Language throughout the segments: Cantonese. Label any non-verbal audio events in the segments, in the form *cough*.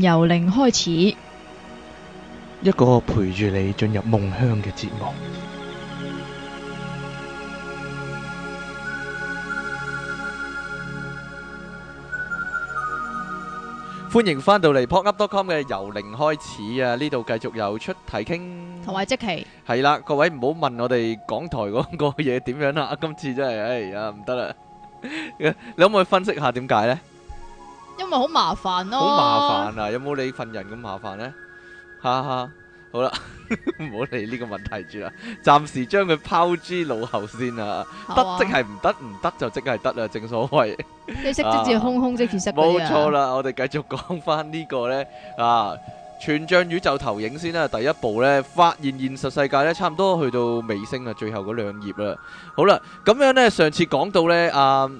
由零開始，一個陪住你進入夢鄉嘅節目。歡迎返到嚟 popup.com 嘅由零開始啊！呢度繼續由出題傾，同埋即期係啦，各位唔好問我哋港台嗰個嘢點樣啦！今次真係哎呀唔得啦，你可唔可以分析下點解呢？因為好麻煩咯，好麻煩啊！有冇你份人咁麻煩咧？哈哈，好啦，唔好理呢個問題住啦，暫時將佢拋諸腦後先啦。得即係唔得，唔得就即係得啦，正所謂，色即是空，空即是色。冇錯啦，我哋繼續講翻呢個咧啊！全像宇宙投影先啦，第一部咧發現現實世界咧，差唔多去到尾聲啊，最後嗰兩頁啦。好啦，咁樣咧，上次講到咧啊。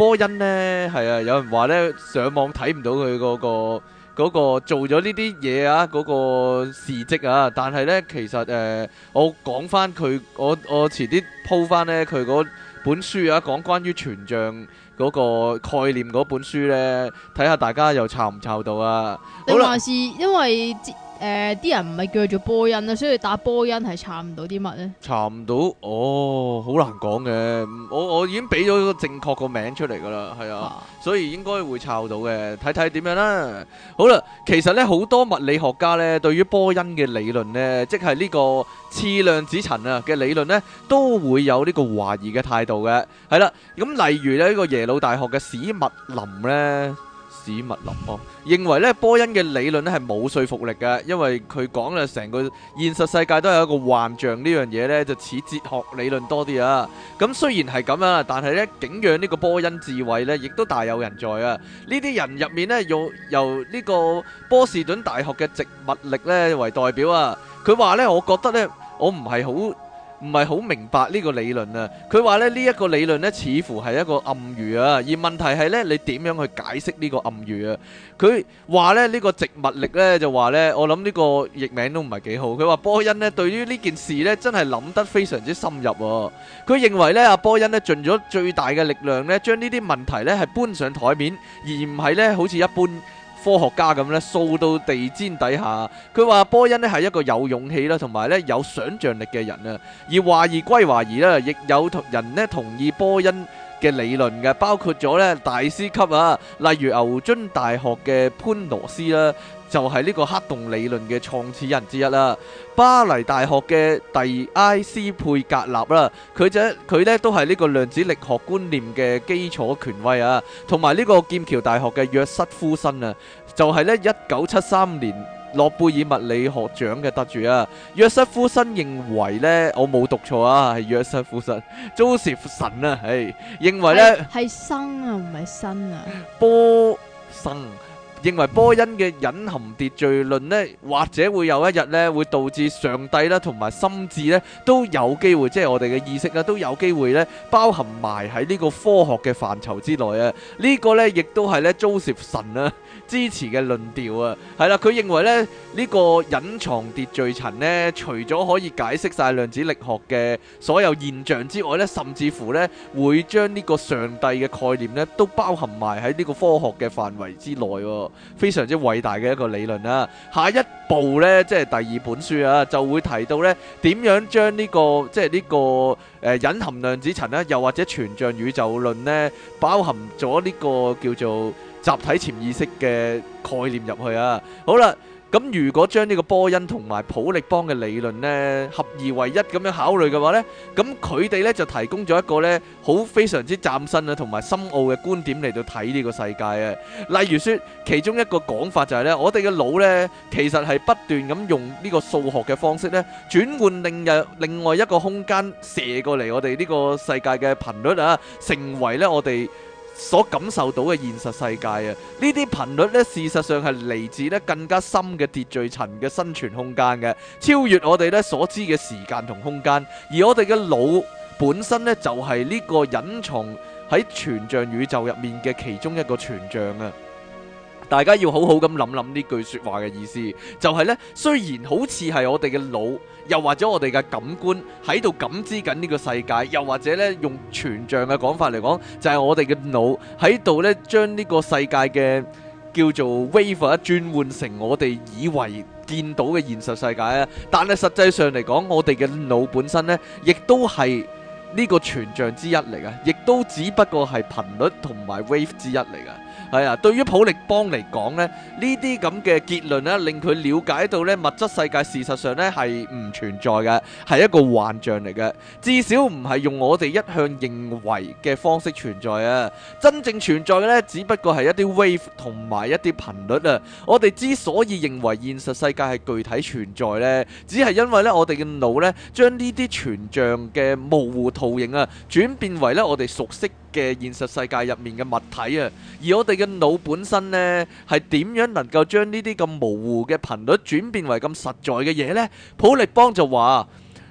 波恩呢，係啊，有人話呢，上網睇唔到佢嗰、那個嗰、那個做咗呢啲嘢啊，嗰、那個事蹟啊，但係呢，其實誒、呃，我講翻佢，我我遲啲鋪翻呢，佢嗰本書啊，講關於全像嗰個概念嗰本書呢，睇下大家又查唔查到啊！是好啦，因為。誒，啲、呃、人唔係叫做波音啦，所以打波音係查唔到啲乜呢？查唔到哦，好、oh，難講嘅。我我已經俾咗個正確個名出嚟噶啦，係啊，所以應該會查到嘅，睇睇點樣啦。好啦，其實呢，好多物理學家呢，對於波音嘅理論呢，即係呢個次量子層啊嘅理論呢，都會有呢個懷疑嘅態度嘅。係啦，咁例如咧呢、這個耶魯大學嘅史密林呢。子物力哦，認為咧波恩嘅理論咧係冇說服力嘅，因為佢講嘅成個現實世界都係一個幻象呢樣嘢咧，就似哲學理論多啲啊。咁雖然係咁啊，但係咧景仰呢個波恩智慧咧，亦都大有人在啊。呢啲人入面咧，有由呢個波士頓大學嘅植物力咧為代表啊。佢話咧，我覺得咧，我唔係好唔係好明白呢個理論啊！佢話咧呢一個理論咧，似乎係一個暗語啊！而問題係咧，你點樣去解釋呢個暗語啊？佢話咧呢個植物力咧，就話咧，我諗呢個譯名都唔係幾好。佢話波恩咧，對於呢件事咧，真係諗得非常之深入喎。佢認為咧，阿波恩咧，盡咗最大嘅力量咧，將呢啲問題咧係搬上台面，而唔係咧好似一般科學家咁咧掃到地氈底下，佢話波恩咧係一個有勇氣啦，同埋咧有想像力嘅人啊。而懷疑歸懷疑啦，亦有同人咧同意波恩嘅理論嘅，包括咗咧大師級啊，例如牛津大學嘅潘羅斯啦。就係呢個黑洞理論嘅創始人之一啦，啊，巴黎大學嘅第埃斯佩格納啦，啊，佢就佢咧都係呢個量子力學觀念嘅基礎權威啊，同埋呢個劍橋大學嘅約瑟夫森啊，就係、是、呢一九七三年諾貝爾物理學獎嘅得主啊。約瑟夫森認為呢，我冇讀錯啊，係約瑟夫森 Josephson 啊，唉、 *laughs* 哎，認為呢，係生啊，唔係新啊，波生。認為波恩嘅隱含秩序論呢，或者會有一日呢，會導致上帝啦同埋心智呢都有機會，即係我哋嘅意識啊，都有機會咧包含埋喺呢個科學嘅範疇之內啊！呢個呢，亦都係呢租涉神啊支持嘅論調啊，係啦，佢認為咧呢個隱藏秩序層呢，除咗可以解釋晒量子力學嘅所有現象之外呢，甚至乎呢會將呢個上帝嘅概念呢，都包含埋喺呢個科學嘅範圍之內啊。非常之偉大嘅一個理論啦，下一步呢，即係第二本書啊，就會提到呢點樣將呢個即係呢個誒、呃、隱含量子層呢，又或者全像宇宙論呢，包含咗呢個叫做集體潛意識嘅概念入去啊，好啦。咁如果將呢個波恩同埋普力邦嘅理論咧，合二為一咁樣考慮嘅話咧，咁佢哋咧就提供咗一個咧好非常之嶄新啊同埋深奧嘅觀點嚟到睇呢個世界啊。例如說，其中一個講法就係咧，我哋嘅腦咧其實係不斷咁用呢個數學嘅方式咧轉換另一另外一個空間射過嚟我哋呢個世界嘅頻率啊，成為咧我哋。所感受到嘅現實世界啊，呢啲頻率呢，事實上係嚟自呢更加深嘅秩序層嘅生存空間嘅，超越我哋呢所知嘅時間同空間。而我哋嘅腦本身呢，就係呢個隱藏喺全像宇宙入面嘅其中一個全像啊！大家要好好咁諗諗呢句説話嘅意思，就係呢：雖然好似係我哋嘅腦。又或者我哋嘅感官喺度感知緊呢個世界，又或者咧用全像嘅講法嚟講，就係、是、我哋嘅腦喺度咧將呢個世界嘅叫做 wave 一轉換成我哋以為見到嘅現實世界啊！但係實際上嚟講，我哋嘅腦本身咧，亦都係呢個全像之一嚟嘅，亦都只不過係頻率同埋 wave 之一嚟嘅。係啊，對於普力邦嚟講咧，呢啲咁嘅結論咧，令佢了解到咧物質世界事實上咧係唔存在嘅，係一個幻象嚟嘅。至少唔係用我哋一向認為嘅方式存在啊。真正存在嘅咧，只不過係一啲 wave 同埋一啲頻率啊。我哋之所以認為現實世界係具體存在咧，只係因為咧我哋嘅腦咧將呢啲全像嘅模糊圖形啊，轉變為咧我哋熟悉嘅現實世界入面嘅物體啊，而我哋嘅腦本身呢，係點樣能夠將呢啲咁模糊嘅頻率轉變為咁實在嘅嘢呢？普利邦就話：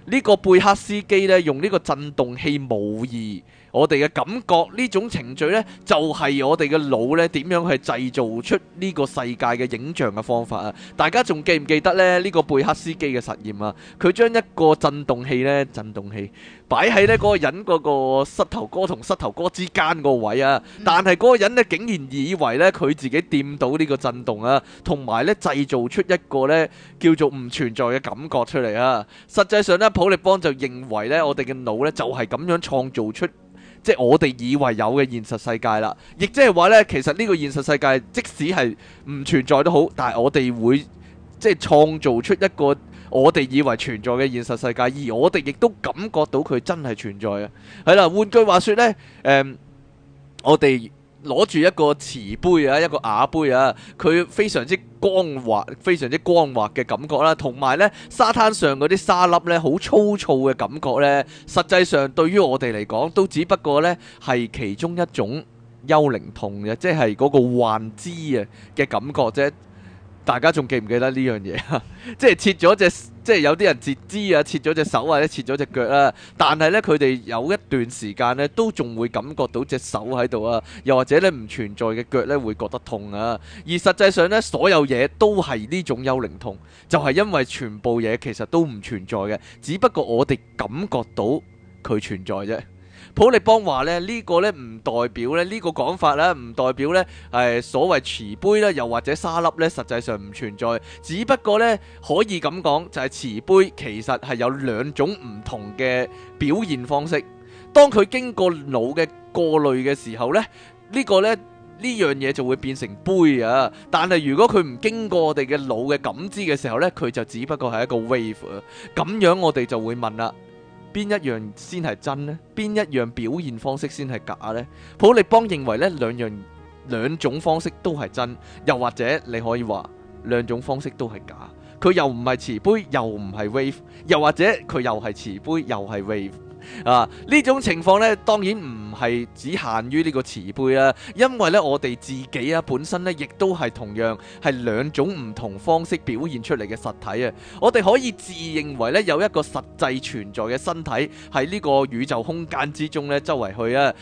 呢個貝克斯基呢，用呢個震動器模擬。我哋嘅感覺呢種程序呢，就係、是、我哋嘅腦呢，點樣去製造出呢個世界嘅影像嘅方法啊！大家仲記唔記得呢呢、呢個貝克斯基嘅實驗啊？佢將一個震動器呢，震動器擺喺呢嗰個人嗰個膝頭哥同膝頭哥之間個位啊，但係嗰個人呢，竟然以為呢佢自己掂到呢個震動啊，同埋呢製造出一個呢叫做唔存在嘅感覺出嚟啊！實際上呢普利邦就認為呢我哋嘅腦呢，腦就係咁樣創造出。即係我哋以為有嘅現實世界啦，亦即係話呢，其實呢個現實世界即使係唔存在都好，但係我哋會即係創造出一個我哋以為存在嘅現實世界，而我哋亦都感覺到佢真係存在啊！係啦，換句話說呢，誒、嗯，我哋。攞住一個瓷杯啊，一個瓦杯啊，佢非常之光滑，非常之光滑嘅感覺啦。同埋呢，沙灘上嗰啲沙粒呢，好粗糙嘅感覺呢，實際上對於我哋嚟講，都只不過呢係其中一種幽靈痛嘅，即係嗰個幻肢啊嘅感覺啫。大家仲記唔記得呢樣嘢啊？ *laughs* 即係切咗隻，即係有啲人截肢啊，切咗隻手或者切咗隻腳啦。但係呢，佢哋有一段時間呢，都仲會感覺到隻手喺度啊，又或者呢，唔存在嘅腳呢，會覺得痛啊。而實際上呢，所有嘢都係呢種幽靈痛，就係因為全部嘢其實都唔存在嘅，只不過我哋感覺到佢存在啫。普利邦話咧，呢、這個咧唔代表咧，呢、這個講法咧唔代表咧，係、呃、所謂瓷杯咧，又或者沙粒咧，實際上唔存在。只不過咧，可以咁講，就係、是、瓷杯其實係有兩種唔同嘅表現方式。當佢經過腦嘅過濾嘅時候咧，這個、呢個咧呢樣嘢就會變成杯啊。但係如果佢唔經過我哋嘅腦嘅感知嘅時候咧，佢就只不過係一個 wave。咁樣我哋就會問啦。邊一樣先係真咧？邊一樣表現方式先係假咧？普利邦認為咧，兩樣兩種方式都係真，又或者你可以話兩種方式都係假。佢又唔係慈悲，又唔係 wave，又或者佢又係慈悲，又係 wave。啊！呢種情況咧，當然唔係只限於呢個慈悲啦，因為呢，我哋自己啊本身呢，亦都係同樣係兩種唔同方式表現出嚟嘅實體啊！我哋可以自認為呢，有一個實際存在嘅身體喺呢個宇宙空間之中呢，周圍去啊，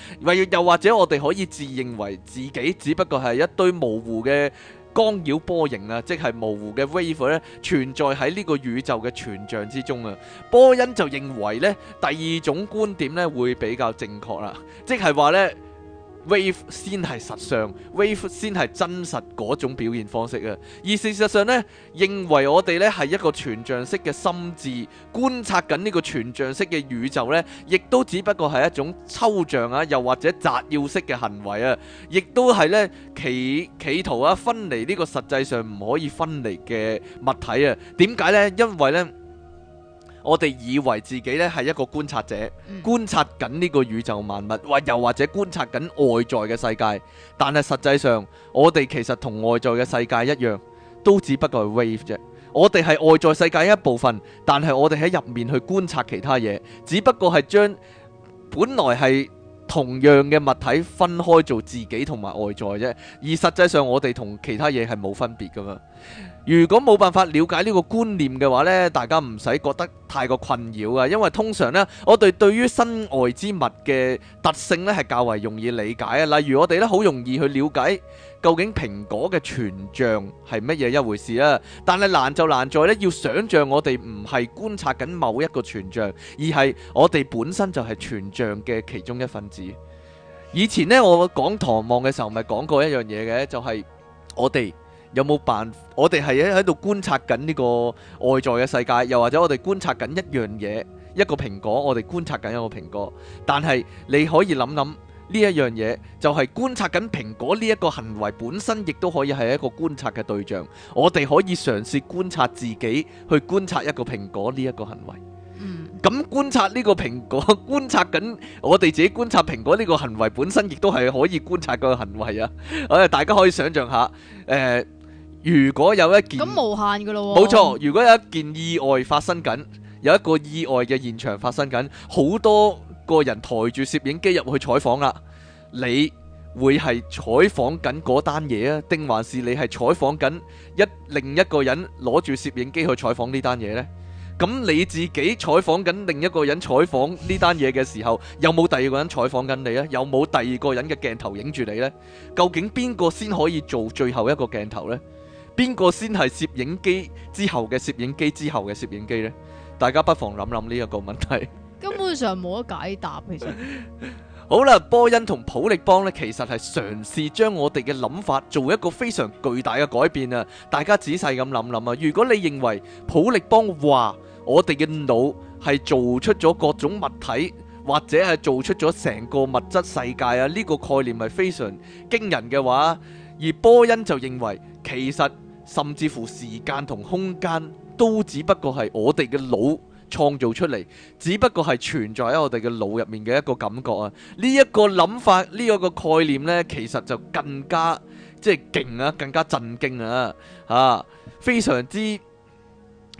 又或者我哋可以自認為自己只不過係一堆模糊嘅干擾波形啊，即係模糊嘅 wave 咧，存在喺呢個宇宙嘅全像之中啊。波恩就認為咧，第二種觀點咧會比較正確啦，即係話咧。Wave 先係實相，Wave 先係真實嗰種表現方式啊！而事實上呢，認為我哋呢係一個全像式嘅心智觀察緊呢個全像式嘅宇宙呢，亦都只不過係一種抽象啊，又或者摘要式嘅行為啊，亦都係呢，企企圖啊分離呢個實際上唔可以分離嘅物體啊。點解呢？因為呢。我哋以為自己呢係一個觀察者，觀察緊呢個宇宙萬物，或又或者觀察緊外在嘅世界。但係實際上，我哋其實同外在嘅世界一樣，都只不過係 wave 啫。我哋係外在世界一部分，但係我哋喺入面去觀察其他嘢，只不過係將本來係同樣嘅物體分開做自己同埋外在啫。而實際上，我哋同其他嘢係冇分別㗎嘛。如果冇辦法了解呢個觀念嘅話呢，大家唔使覺得太過困擾啊，因為通常呢，我哋對，對於身外之物嘅特性呢，係較為容易理解啊。例如我哋咧好容易去了解究竟蘋果嘅全像係乜嘢一回事啊，但係難就難在呢，要想像我哋唔係觀察緊某一個全像，而係我哋本身就係全像嘅其中一份子。以前呢，我講唐望嘅時候，咪講過一樣嘢嘅，就係、是、我哋。有冇辦？我哋係喺度觀察緊呢個外在嘅世界，又或者我哋觀察緊一樣嘢，一個蘋果。我哋觀察緊一個蘋果，但係你可以諗諗呢一樣嘢，就係觀察緊蘋果呢一個行為本身，亦都可以係一個觀察嘅對象。我哋可以嘗試觀察自己去觀察一個蘋果呢一個行為。嗯。咁觀察呢個蘋果，觀察緊我哋自己觀察蘋果呢個行為本身，亦都係可以觀察個行為啊！我哋大家可以想象下，誒。如果有一件咁無限噶咯，冇錯。如果有一件意外發生緊，有一個意外嘅現場發生緊，好多個人抬住攝影機入去採訪啦。你會係採訪緊嗰單嘢啊，定還是你係採訪緊一另一個人攞住攝影機去採訪呢單嘢呢？咁你自己採訪緊另一個人採訪呢單嘢嘅時候，有冇第二個人採訪緊你啊？有冇第二個人嘅鏡頭影住你呢？究竟邊個先可以做最後一個鏡頭呢？邊個先係攝影機之後嘅攝影機之後嘅攝影機呢？大家不妨諗諗呢一個問題。根本上冇得解答，其實。好啦，波恩同普力邦呢，其實係嘗試將我哋嘅諗法做一個非常巨大嘅改變啊！大家仔細咁諗諗啊！如果你認為普力邦話我哋嘅腦係做出咗各種物體，或者係做出咗成個物質世界啊，呢個概念係非常驚人嘅話，而波恩就認為其實。甚至乎時間同空間都只不過係我哋嘅腦創造出嚟，只不過係存在喺我哋嘅腦入面嘅一個感覺啊！呢、這、一個諗法，呢、這、一個概念呢，其實就更加即係勁啊，更加震驚啊，啊，非常之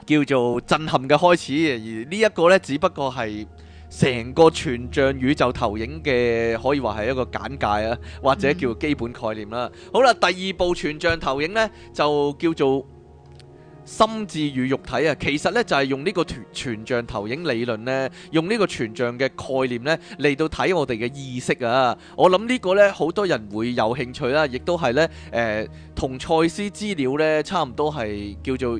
叫做震撼嘅開始。而呢一個呢，只不過係。成個全像宇宙投影嘅可以話係一個簡介啊，或者叫基本概念啦。嗯、好啦，第二部全像投影呢，就叫做心智與肉體啊。其實呢，就係、是、用呢個全全像投影理論呢，用呢個全像嘅概念呢，嚟到睇我哋嘅意識啊。我諗呢個呢，好多人會有興趣啦，亦都係呢，誒同賽斯資料呢，差唔多係叫做。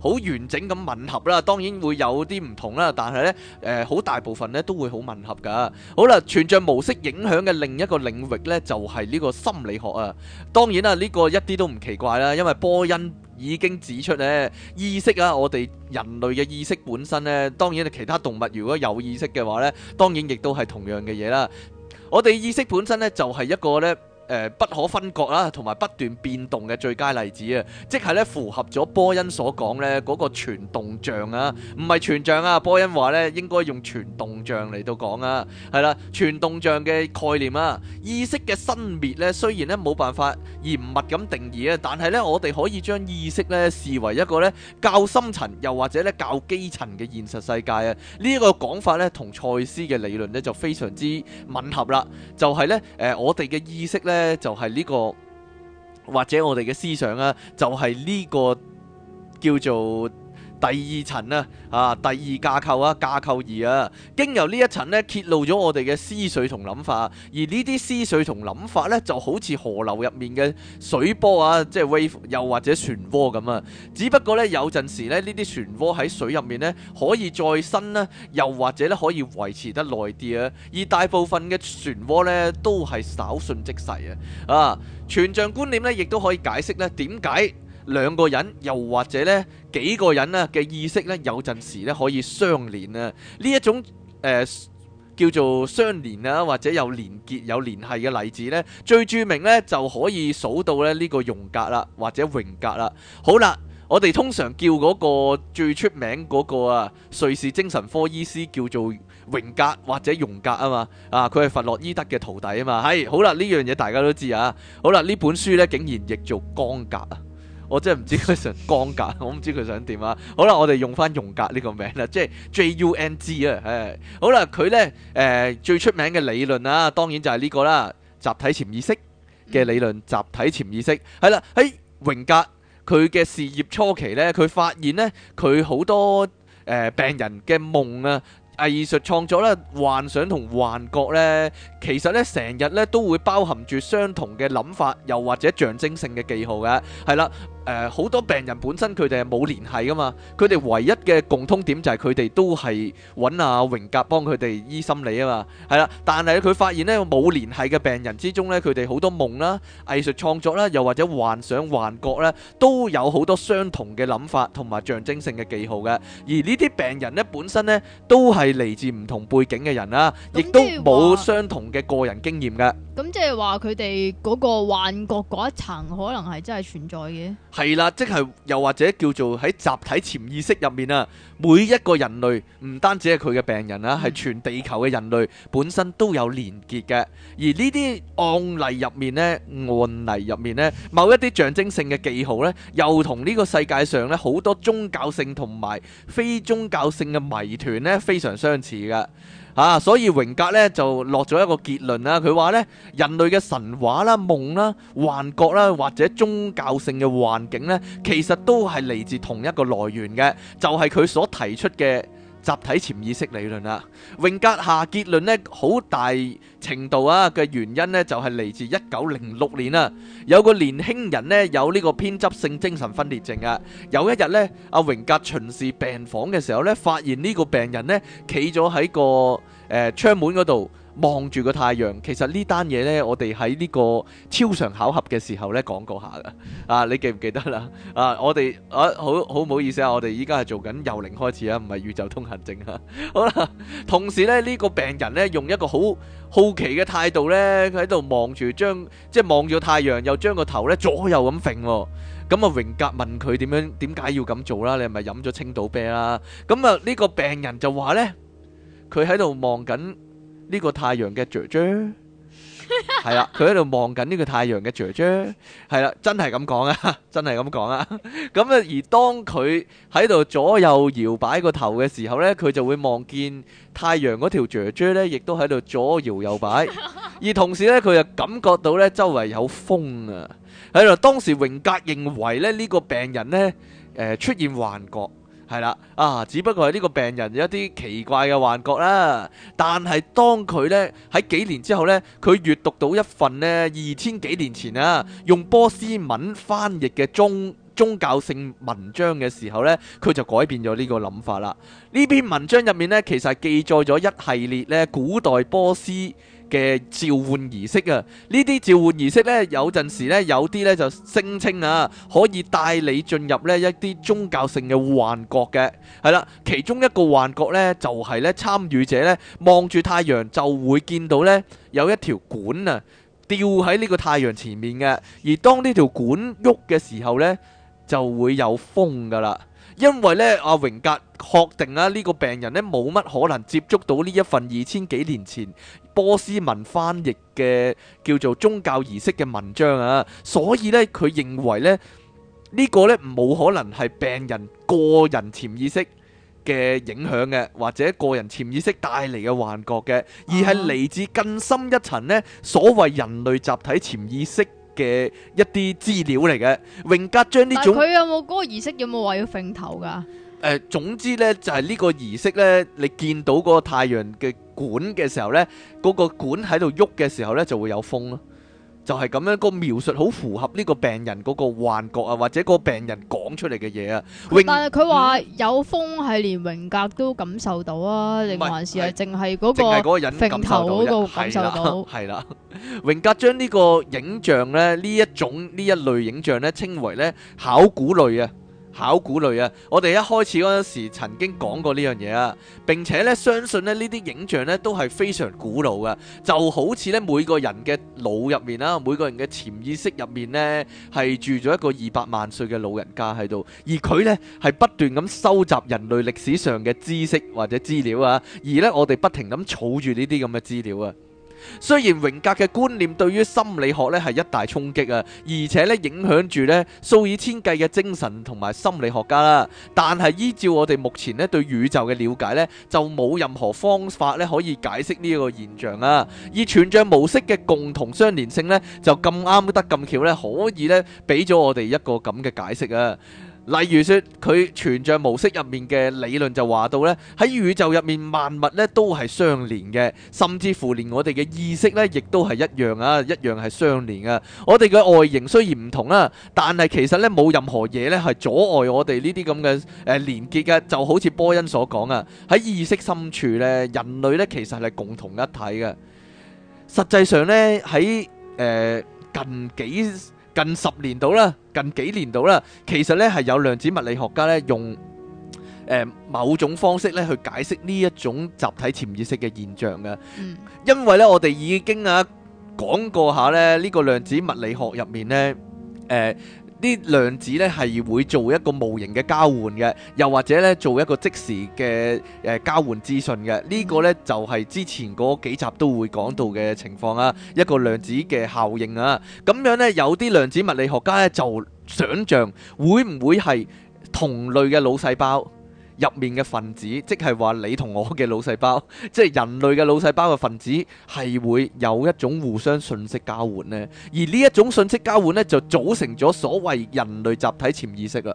好完整咁吻合啦，當然會有啲唔同啦，但係呢，誒、呃，好大部分呢都會好吻合噶。好啦，全像模式影響嘅另一個領域呢，就係、是、呢個心理學啊。當然啦、啊，呢、這個一啲都唔奇怪啦，因為波恩已經指出呢，意識啊，我哋人類嘅意識本身呢，當然其他動物如果有意識嘅話呢，當然亦都係同樣嘅嘢啦。我哋意識本身呢，就係、是、一個呢。誒、呃、不可分割啦，同埋不斷變動嘅最佳例子啊，即係咧符合咗波恩所講咧個全動象啊，唔係全象啊，波恩話咧應該用全動象嚟到講啊，係啦，全動象嘅概念啊，意識嘅生滅咧雖然咧冇辦法嚴密咁定義啊，但係咧我哋可以將意識咧視為一個咧較深層又或者咧較基層嘅現實世界啊，呢、這、一個講法咧同賽斯嘅理論咧就非常之吻合啦，就係咧誒我哋嘅意識咧。就係呢個，或者我哋嘅思想啊，就係呢個叫做第二層啊，啊第二架構啊，架構二啊，經由呢一層呢，揭露咗我哋嘅思緒同諗法，而呢啲思緒同諗法呢，就好似河流入面嘅水波啊，即係 wave，又或者旋渦咁啊。只不過呢，有陣時呢，呢啲旋渦喺水入面呢，可以再生啦、啊，又或者呢，可以維持得耐啲啊。而大部分嘅旋渦呢，都係稍瞬即逝啊。啊，全像觀念呢，亦都可以解釋呢點解。兩個人又或者咧幾個人咧嘅意識咧，有陣時咧可以相連啊。呢一種誒、呃、叫做相連啦，或者有連結、有聯繫嘅例子咧，最著名咧就可以數到咧呢個榮格啦，或者榮格啦。好啦，我哋通常叫嗰個最出名嗰個啊，瑞士精神科醫師叫做榮格或者榮格啊嘛啊，佢係弗洛伊德嘅徒弟啊嘛。係好啦，呢樣嘢大家都知啊。好啦，呢本書咧竟然譯作光格啊。我真係唔知佢想光格，我唔知佢想點啊！好啦，我哋用翻榮格呢個名啦，即係 J U N G 啊，誒好啦，佢咧誒最出名嘅理論啊，當然就係呢個啦，集體潛意識嘅理論。集體潛意識係啦，喺榮格佢嘅事業初期咧，佢發現咧佢好多誒病人嘅夢啊、藝術創作啦、幻想同幻覺咧，其實咧成日咧都會包含住相同嘅諗法，又或者象徵性嘅記號嘅，係啦。誒好多病人本身佢哋係冇聯繫噶嘛，佢哋唯一嘅共通點就係佢哋都係揾阿榮格幫佢哋醫心理啊嘛，係啦。但係佢發現呢，冇聯繫嘅病人之中呢，佢哋好多夢啦、藝術創作啦，又或者幻想幻覺呢，都有好多相同嘅諗法同埋象徵性嘅記號嘅。而呢啲病人呢，本身呢都係嚟自唔同背景嘅人啦，亦都冇相同嘅個人經驗嘅。咁即係話佢哋嗰個幻覺嗰一層，可能係真係存在嘅。係啦，即係又或者叫做喺集體潛意識入面啊，每一個人類唔單止係佢嘅病人啊，係全地球嘅人類本身都有連結嘅。而呢啲案例入面呢，案例入面呢，某一啲象徵性嘅記號呢，又同呢個世界上呢好多宗教性同埋非宗教性嘅謎團呢非常相似㗎。啊，所以榮格咧就落咗一個結論啦，佢話咧，人類嘅神話啦、夢啦、幻覺啦，或者宗教性嘅幻境咧，其實都係嚟自同一個來源嘅，就係佢所提出嘅。集體潛意識理論啊，榮格下結論呢，好大程度啊嘅原因呢，就係嚟自一九零六年啊，有個年輕人呢，有呢個偏執性精神分裂症啊，有一日呢，阿榮格巡視病房嘅時候呢，發現呢個病人呢，企咗喺個誒、呃、窗門嗰度。望住個太陽，其實呢單嘢咧，我哋喺呢個超常巧合嘅時候咧講過下噶，啊你記唔記得啦？啊我哋啊好好唔好意思啊，我哋依家係做緊由零開始啊，唔係宇宙通行證啊。好啦，同時咧呢個病人咧用一個好好奇嘅態度咧，佢喺度望住將即係望住個太陽，又將個頭咧左右咁揈，咁啊榮格問佢點樣點解要咁做啦？你係咪飲咗青島啤啦？咁啊呢個病人就話咧，佢喺度望緊。呢個太陽嘅雀雀係啦，佢喺度望緊呢個太陽嘅雀雀係啦，真係咁講啊，真係咁講啊。咁啊，而當佢喺度左右搖擺個頭嘅時候咧，佢就會望見太陽嗰條雀雀咧，亦都喺度左搖右擺。而同時咧，佢就感覺到咧周圍有風啊。喺度，當時榮格認為咧呢個病人咧誒出現幻覺。係啦，啊，只不過係呢個病人有一啲奇怪嘅幻覺啦。但係當佢咧喺幾年之後呢，佢閲讀到一份呢，二千幾年前啊，用波斯文翻譯嘅宗宗教性文章嘅時候呢，佢就改變咗呢個諗法啦。呢篇文章入面呢，其實係記載咗一系列咧，古代波斯嘅召喚儀式啊，呢啲召喚儀式呢，有陣時呢，有啲呢，就聲稱啊，可以帶你進入呢一啲宗教性嘅幻覺嘅係啦。其中一個幻覺呢，就係、是、呢參與者呢，望住太陽就會見到呢有一條管啊吊喺呢個太陽前面嘅，而當呢條管喐嘅時候呢，就會有風㗎啦，因為呢，阿榮格確定啊呢、這個病人呢，冇乜可能接觸到呢一份二千幾年前。波斯文翻譯嘅叫做宗教儀式嘅文章啊，所以呢，佢認為呢呢個呢，冇可能係病人個人潛意識嘅影響嘅，或者個人潛意識帶嚟嘅幻覺嘅，而係嚟自更深一層呢所謂人類集體潛意識嘅一啲資料嚟嘅。榮格將呢種佢有冇嗰個儀式有冇話要揈頭㗎？誒，總之咧就係呢個儀式咧，你見到個太陽嘅管嘅時候咧，嗰個管喺度喐嘅時候咧，就會有風咯，就係咁樣個描述好符合呢個病人嗰個幻覺啊，或者個病人講出嚟嘅嘢啊。但係佢話有風係連榮格都感受到啊，定還是係淨係嗰個人嗰個感受到？係啦，榮格將呢個影像咧，呢一種呢一類影像咧，稱為咧考古類啊。考古類啊，我哋一開始嗰陣時曾經講過呢樣嘢啊，並且咧相信咧呢啲影像咧都係非常古老嘅，就好似咧每個人嘅腦入面啦，每個人嘅潛意識入面呢，係住咗一個二百萬歲嘅老人家喺度，而佢呢，係不斷咁收集人類歷史上嘅知識或者資料啊，而呢，我哋不停咁儲住呢啲咁嘅資料啊。雖然榮格嘅觀念對於心理學咧係一大衝擊啊，而且咧影響住咧數以千計嘅精神同埋心理學家啦，但係依照我哋目前咧對宇宙嘅了解呢，就冇任何方法咧可以解釋呢個現象啊。而全像模式嘅共同相連性呢，就咁啱得咁巧呢，可以咧俾咗我哋一個咁嘅解釋啊。例如說佢全像模式入面嘅理論就話到咧，喺宇宙入面萬物咧都係相連嘅，甚至乎連我哋嘅意識咧，亦都係一樣啊，一樣係相連嘅。我哋嘅外形雖然唔同啦，但係其實咧冇任何嘢咧係阻礙我哋呢啲咁嘅誒連結嘅，就好似波恩所講啊，喺意識深處咧，人類咧其實係共同一體嘅。實際上咧喺誒近幾。近十年到啦，近幾年到啦，其實呢係有量子物理學家呢用誒、呃、某種方式呢去解釋呢一種集體潛意識嘅現象嘅，嗯、因為呢，我哋已經啊講過下呢，呢個量子物理學入面呢。誒、呃。啲量子咧係會做一個模型嘅交換嘅，又或者咧做一個即時嘅誒、呃、交換資訊嘅，這個、呢個咧就係、是、之前嗰幾集都會講到嘅情況啊，一個量子嘅效應啊，咁樣咧有啲量子物理學家咧就想像會唔會係同類嘅腦細胞？入面嘅分子，即係話你同我嘅腦細胞，即係人類嘅腦細胞嘅分子，係會有一種互相信息交換呢，而呢一種信息交換呢，就組成咗所謂人類集體潛意識啦。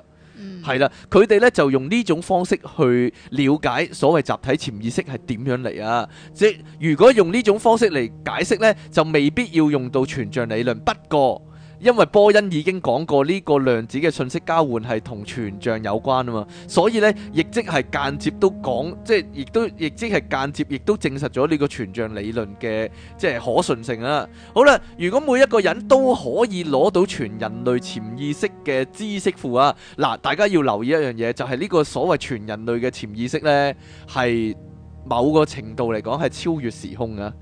係啦、嗯，佢哋呢就用呢種方式去了解所謂集體潛意識係點樣嚟啊。即如果用呢種方式嚟解釋呢，就未必要用到全像理論。不過，因為波恩已經講過呢個量子嘅信息交換係同全像有關啊嘛，所以呢亦即係間接都講，即係亦都亦即係間接，亦都證實咗呢個全像理論嘅即係可信性啊。好啦，如果每一個人都可以攞到全人類潛意識嘅知識庫啊，嗱，大家要留意一樣嘢，就係、是、呢個所謂全人類嘅潛意識呢，係某個程度嚟講係超越時空啊。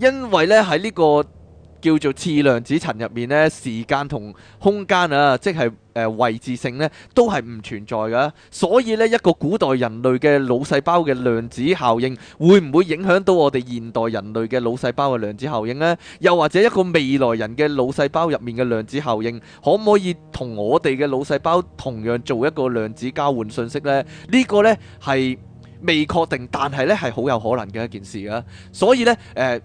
因為呢喺呢、這個叫做次量子層入面咧，時間同空間啊，即係誒位置性咧，都係唔存在嘅。所以咧，一個古代人類嘅腦細胞嘅量子效應，會唔會影響到我哋現代人類嘅腦細胞嘅量子效應咧？又或者一個未來人嘅腦細胞入面嘅量子效應，可唔可以同我哋嘅腦細胞同樣做一個量子交換信息咧？呢個咧係未確定，但係咧係好有可能嘅一件事啊！所以咧誒，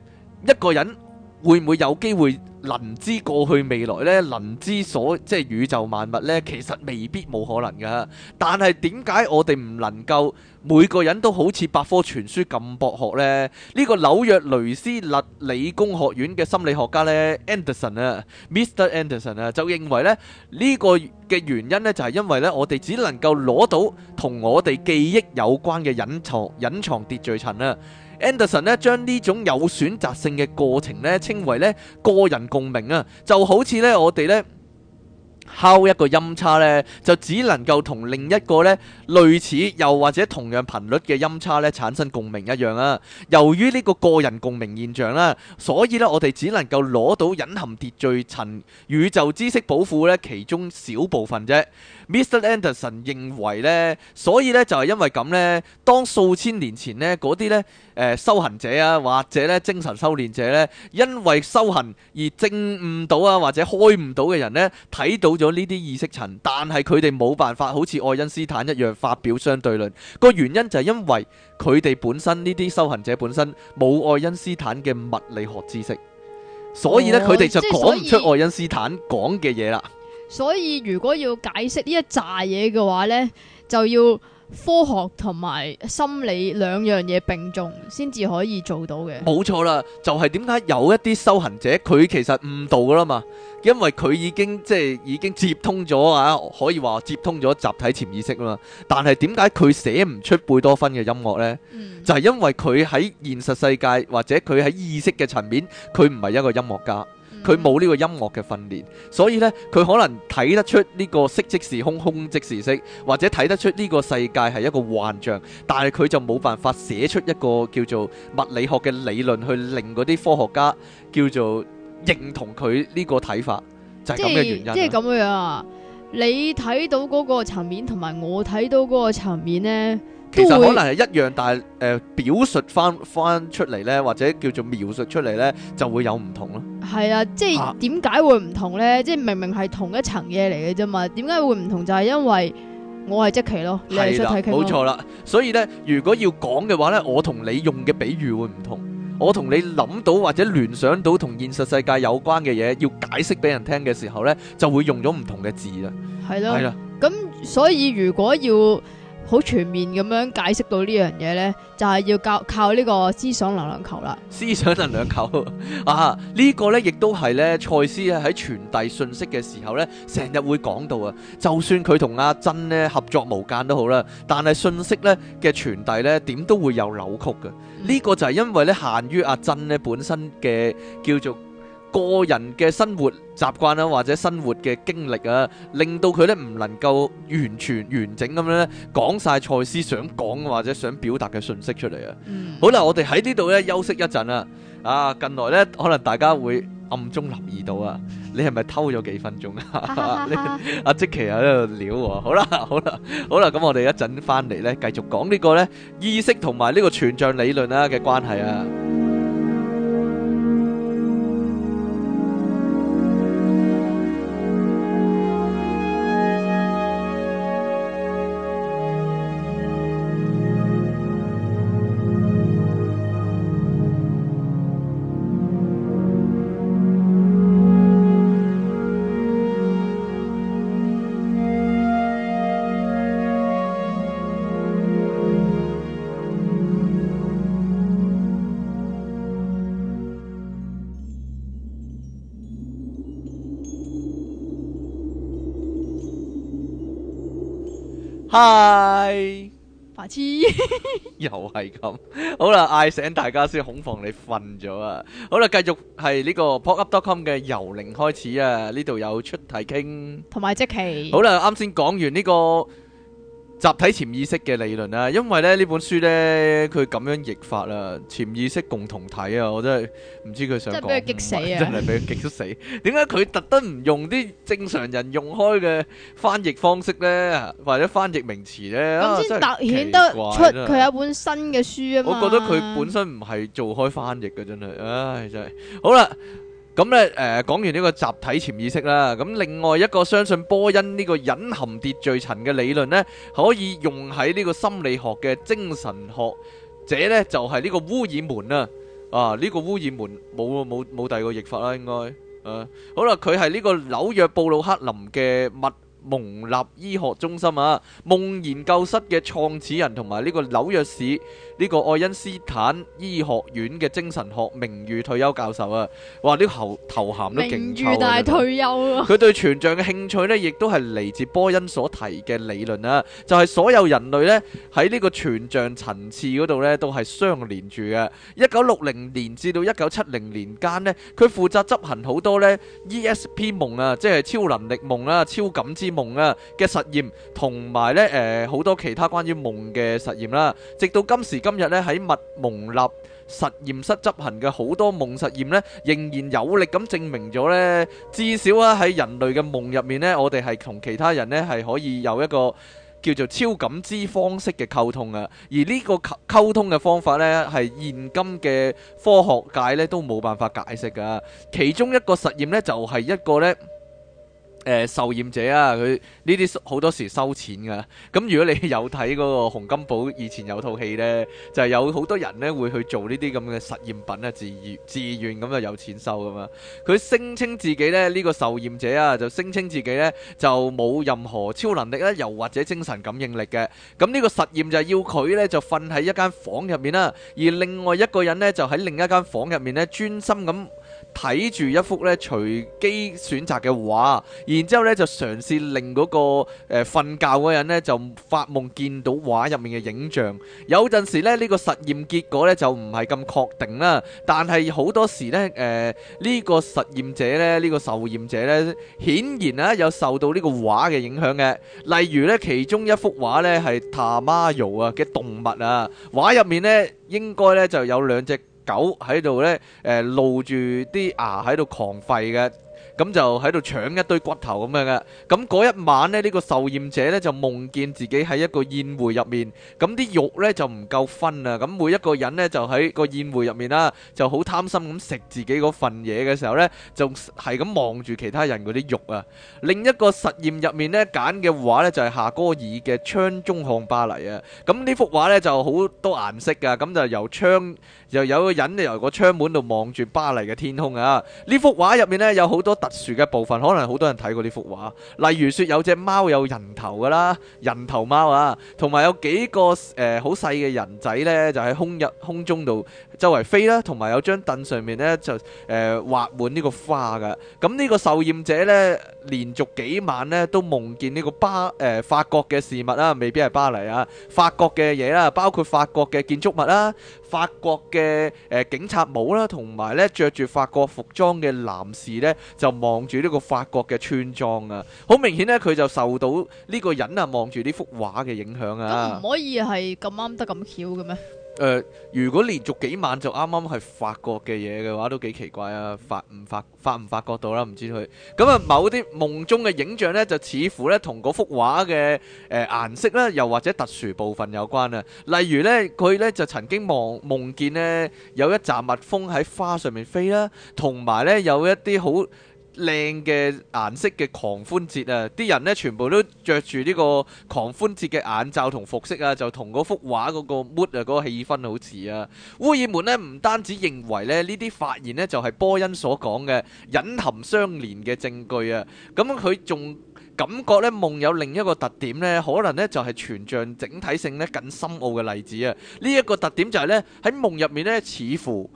一個人。會唔會有機會能知過去未來咧？能知所即係宇宙萬物咧？其實未必冇可能噶。但係點解我哋唔能夠每個人都好似百科全書咁博學咧？呢個紐約雷斯立理工學院嘅心理學家咧，Anderson 啊，Mr. Anderson 啊，就認為咧呢個嘅原因咧就係因為咧我哋只能夠攞到同我哋記憶有關嘅隱藏隱藏秩序層啊。Anderson 咧將呢種有選擇性嘅過程咧稱為咧個人共鳴啊，就好似咧我哋咧敲一個音叉，咧，就只能夠同另一個咧類似又或者同樣頻率嘅音叉咧產生共鳴一樣啊。由於呢個個人共鳴現象啦，所以咧我哋只能夠攞到隱含秩序層、宇宙知識寶庫咧其中小部分啫。Mr. Anderson 認為呢，所以呢，就係因為咁呢。當數千年前呢，嗰啲呢誒、呃、修行者啊，或者咧精神修煉者呢，因為修行而證悟到啊，或者開唔到嘅人呢，睇到咗呢啲意識層，但係佢哋冇辦法好似愛因斯坦一樣發表相對論。個原因就係因為佢哋本身呢啲修行者本身冇愛因斯坦嘅物理學知識，所以呢，佢哋、哦、就講唔出愛因斯坦講嘅嘢啦。哦所以如果要解釋呢一紮嘢嘅話呢，就要科學同埋心理兩樣嘢並重，先至可以做到嘅。冇錯啦，就係點解有一啲修行者佢其實誤導噶啦嘛，因為佢已經即係已經接通咗啊，可以話接通咗集體潛意識啊嘛。但係點解佢寫唔出貝多芬嘅音樂呢？嗯、就係因為佢喺現實世界或者佢喺意識嘅層面，佢唔係一個音樂家。佢冇呢個音樂嘅訓練，所以呢佢可能睇得出呢個色即是空，空即是色，或者睇得出呢個世界係一個幻象，但係佢就冇辦法寫出一個叫做物理學嘅理論去令嗰啲科學家叫做認同佢呢個睇法，就係咁嘅原因。即係咁樣啊？你睇到嗰個層面，同埋我睇到嗰個層面呢。其實可能係一樣，但係誒表述翻翻出嚟咧，或者叫做描述出嚟咧，就會有唔同咯。係啊，即係點解會唔同咧？即係明明係同一層嘢嚟嘅啫嘛，點解會唔同？就係因為我係即期咯，你係實體期咯。冇錯啦。所以咧，如果要講嘅話咧，我同你用嘅比喻會唔同，我同你諗到或者聯想到同現實世界有關嘅嘢，要解釋俾人聽嘅時候咧，就會用咗唔同嘅字啦。係咯，係啦。咁所以如果要好全面咁樣解釋到呢樣嘢呢，就係、是、要靠靠呢個思想能量球啦。思想能量球啊，呢、這個呢亦都係呢，蔡司喺傳遞信息嘅時候呢，成日會講到啊。就算佢同阿珍呢合作無間都好啦，但係信息呢嘅傳遞呢點都會有扭曲㗎。呢、嗯、個就係因為呢，限於阿珍呢本身嘅叫做。個人嘅生活習慣啊，或者生活嘅經歷啊，令到佢咧唔能夠完全完整咁樣咧講晒。賽斯想講或者想表達嘅信息出嚟啊。嗯、好啦，我哋喺呢度咧休息一陣啦。啊，近來咧可能大家會暗中留意到啊，你係咪偷咗幾分鐘哈哈哈哈 *laughs* 啊？阿即奇喺度撩喎。好啦，好啦，好啦，咁我哋一陣翻嚟咧繼續講呢個咧意識同埋呢個全像理論啊嘅關係啊。嗨，Hi. 白痴癡 *laughs* 這，又係咁，好啦，嗌醒大家先，恐防你瞓咗啊！好啦，繼續係呢個 PodUp.com 嘅由零開始啊，呢度有出題傾，同埋即期，好啦，啱先講完呢、這個。集體潛意識嘅理論啊，因為咧呢本書呢，佢咁樣譯法啊，潛意識共同體啊，我真係唔知佢想講，真係俾佢激死啊是！ *laughs* 真係俾佢激死，點解佢特登唔用啲正常人用開嘅翻譯方式呢？或者翻譯名詞呢？先顯得出佢有一本新嘅書啊！我覺得佢本身唔係做開翻譯嘅，真係，唉，真係好啦。咁咧，誒、嗯、講完呢個集體潛意識啦，咁另外一個相信波恩呢個隱含秩序層嘅理論呢，可以用喺呢個心理學嘅精神學者呢，就係呢個烏爾門啊，啊、這、呢個烏爾門冇冇冇第二個譯法啦，應該，啊好啦，佢係呢個紐約布魯克林嘅物蒙立醫學中心啊，夢研究室嘅創始人同埋呢個紐約市呢、這個愛因斯坦醫學院嘅精神學名譽退休教授啊，哇！呢、這個頭銜都勁勁錯啊！佢、啊、對全像嘅興趣咧，亦都係嚟自波恩所提嘅理論啊，就係、是、所有人類咧喺呢個全像層次度咧，都係相連住嘅。一九六零年至到一九七零年間咧，佢負責執行好多咧 ESP 夢啊，即係超能力夢啦、啊、超感知、啊。夢啊嘅實驗，同埋咧誒好多其他關於夢嘅實驗啦，直到今時今日咧喺密蒙納實驗室執行嘅好多夢實驗咧，仍然有力咁證明咗咧，至少啊喺人類嘅夢入面咧，我哋係同其他人咧係可以有一個叫做超感知方式嘅溝通啊，而呢個溝通嘅方法咧係現今嘅科學界咧都冇辦法解釋噶，其中一個實驗咧就係一個咧。誒、呃，受驗者啊，佢呢啲好多時收錢噶。咁如果你有睇嗰個《洪金寶》，以前有套戲呢，就係有好多人呢會去做呢啲咁嘅實驗品啊，自願自願咁啊有錢收噶嘛。佢聲稱自己呢，呢個受驗者啊，就聲稱自己呢，就冇任何超能力啦，又或者精神感應力嘅。咁呢個實驗就係要佢呢，就瞓喺一間房入面啦，而另外一個人呢，就喺另一間房入面呢，專心咁。睇住一幅咧隨機選擇嘅畫，然之後咧就嘗試令嗰個誒瞓覺嗰人咧就發夢見到畫入面嘅影像。有陣時咧呢個實驗結果咧就唔係咁確定啦，但係好多時咧誒呢個實驗者咧呢個受驗者咧顯然啦有受到呢個畫嘅影響嘅。例如咧其中一幅畫咧係 Tamayo 啊嘅動物啊，畫入面咧應該咧就有兩隻。狗喺度咧，誒露住啲牙喺度狂吠嘅，咁就喺度搶一堆骨頭咁樣嘅。咁嗰一晚咧，呢個受驗者咧就夢見自己喺一個宴會入面，咁啲肉咧就唔夠分啊。咁每一個人咧就喺個宴會入面啦，就好貪心咁食自己嗰份嘢嘅時候咧，就係咁望住其他人嗰啲肉啊。另一個實驗入面咧揀嘅畫咧就係夏戈爾嘅《窗中看巴黎》啊。咁呢幅畫咧就好多顏色㗎，咁就由窗。又有個人由個窗門度望住巴黎嘅天空啊！呢幅畫入面呢，有好多特殊嘅部分，可能好多人睇過呢幅畫。例如說有隻貓有人頭噶啦，人頭貓啊，同埋有幾個誒好細嘅人仔呢，就喺空入空中度周圍飛啦、啊。同埋有張凳上面呢，就誒畫滿呢個花㗎。咁、嗯、呢、這個受驗者呢，連續幾晚呢，都夢見呢個巴誒、呃、法國嘅事物啦、啊，未必係巴黎啊，法國嘅嘢啦，包括法國嘅建築物啦、啊。法國嘅誒、呃、警察帽啦，同埋咧着住法國服裝嘅男士咧，就望住呢個法國嘅村莊啊！好明顯咧，佢就受到呢個人啊望住呢幅畫嘅影響啊！唔可以係咁啱得咁巧嘅咩？誒、呃，如果連續幾晚就啱啱係發覺嘅嘢嘅話，都幾奇怪啊！發唔發發唔發覺到啦？唔知佢咁啊，某啲夢中嘅影像呢，就似乎呢同嗰幅畫嘅誒、呃、顏色啦，又或者特殊部分有關啊。例如呢，佢呢就曾經夢夢見呢有一紮蜜蜂喺花上面飛啦，同埋呢有一啲好靚嘅顏色嘅狂歡節啊，啲人呢全部都着住呢個狂歡節嘅眼罩同服飾啊，就同嗰幅畫嗰個 mood 啊，嗰個氣氛好似啊。烏爾門呢唔單止認為呢呢啲發現呢就係波恩所講嘅隱含相連嘅證據啊，咁佢仲感覺呢夢有另一個特點呢，可能呢就係全像整體性呢更深奧嘅例子啊。呢一個特點就係呢喺夢入面呢，似乎。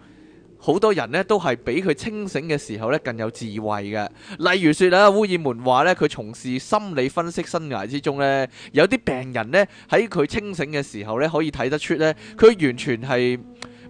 好多人咧都係比佢清醒嘅時候咧更有智慧嘅，例如說啦，烏爾門話咧，佢從事心理分析生涯之中咧，有啲病人咧喺佢清醒嘅時候咧可以睇得出咧，佢完全係。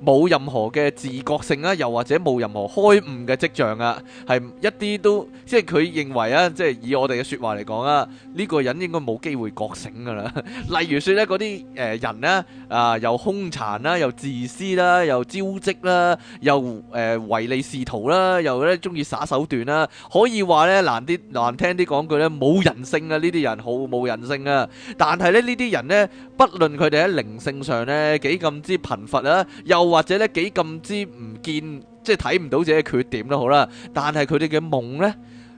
冇任何嘅自覺性啊，又或者冇任何開悟嘅跡象啊，係一啲都即係佢認為啊，即係以我哋嘅說話嚟講啊，呢個人應該冇機會覺醒噶啦。例如說咧，嗰啲誒人咧啊，又兇殘啦，又自私啦，又招積啦，又誒唯利是圖啦，又咧中意耍手段啦，可以話咧難啲難聽啲講句咧冇人性啊，呢啲人好冇人性啊。但係咧呢啲人咧，不論佢哋喺靈性上咧幾咁之貧乏啊，又或者咧幾咁之唔見，即係睇唔到自己嘅缺點都好啦。但係佢哋嘅夢呢，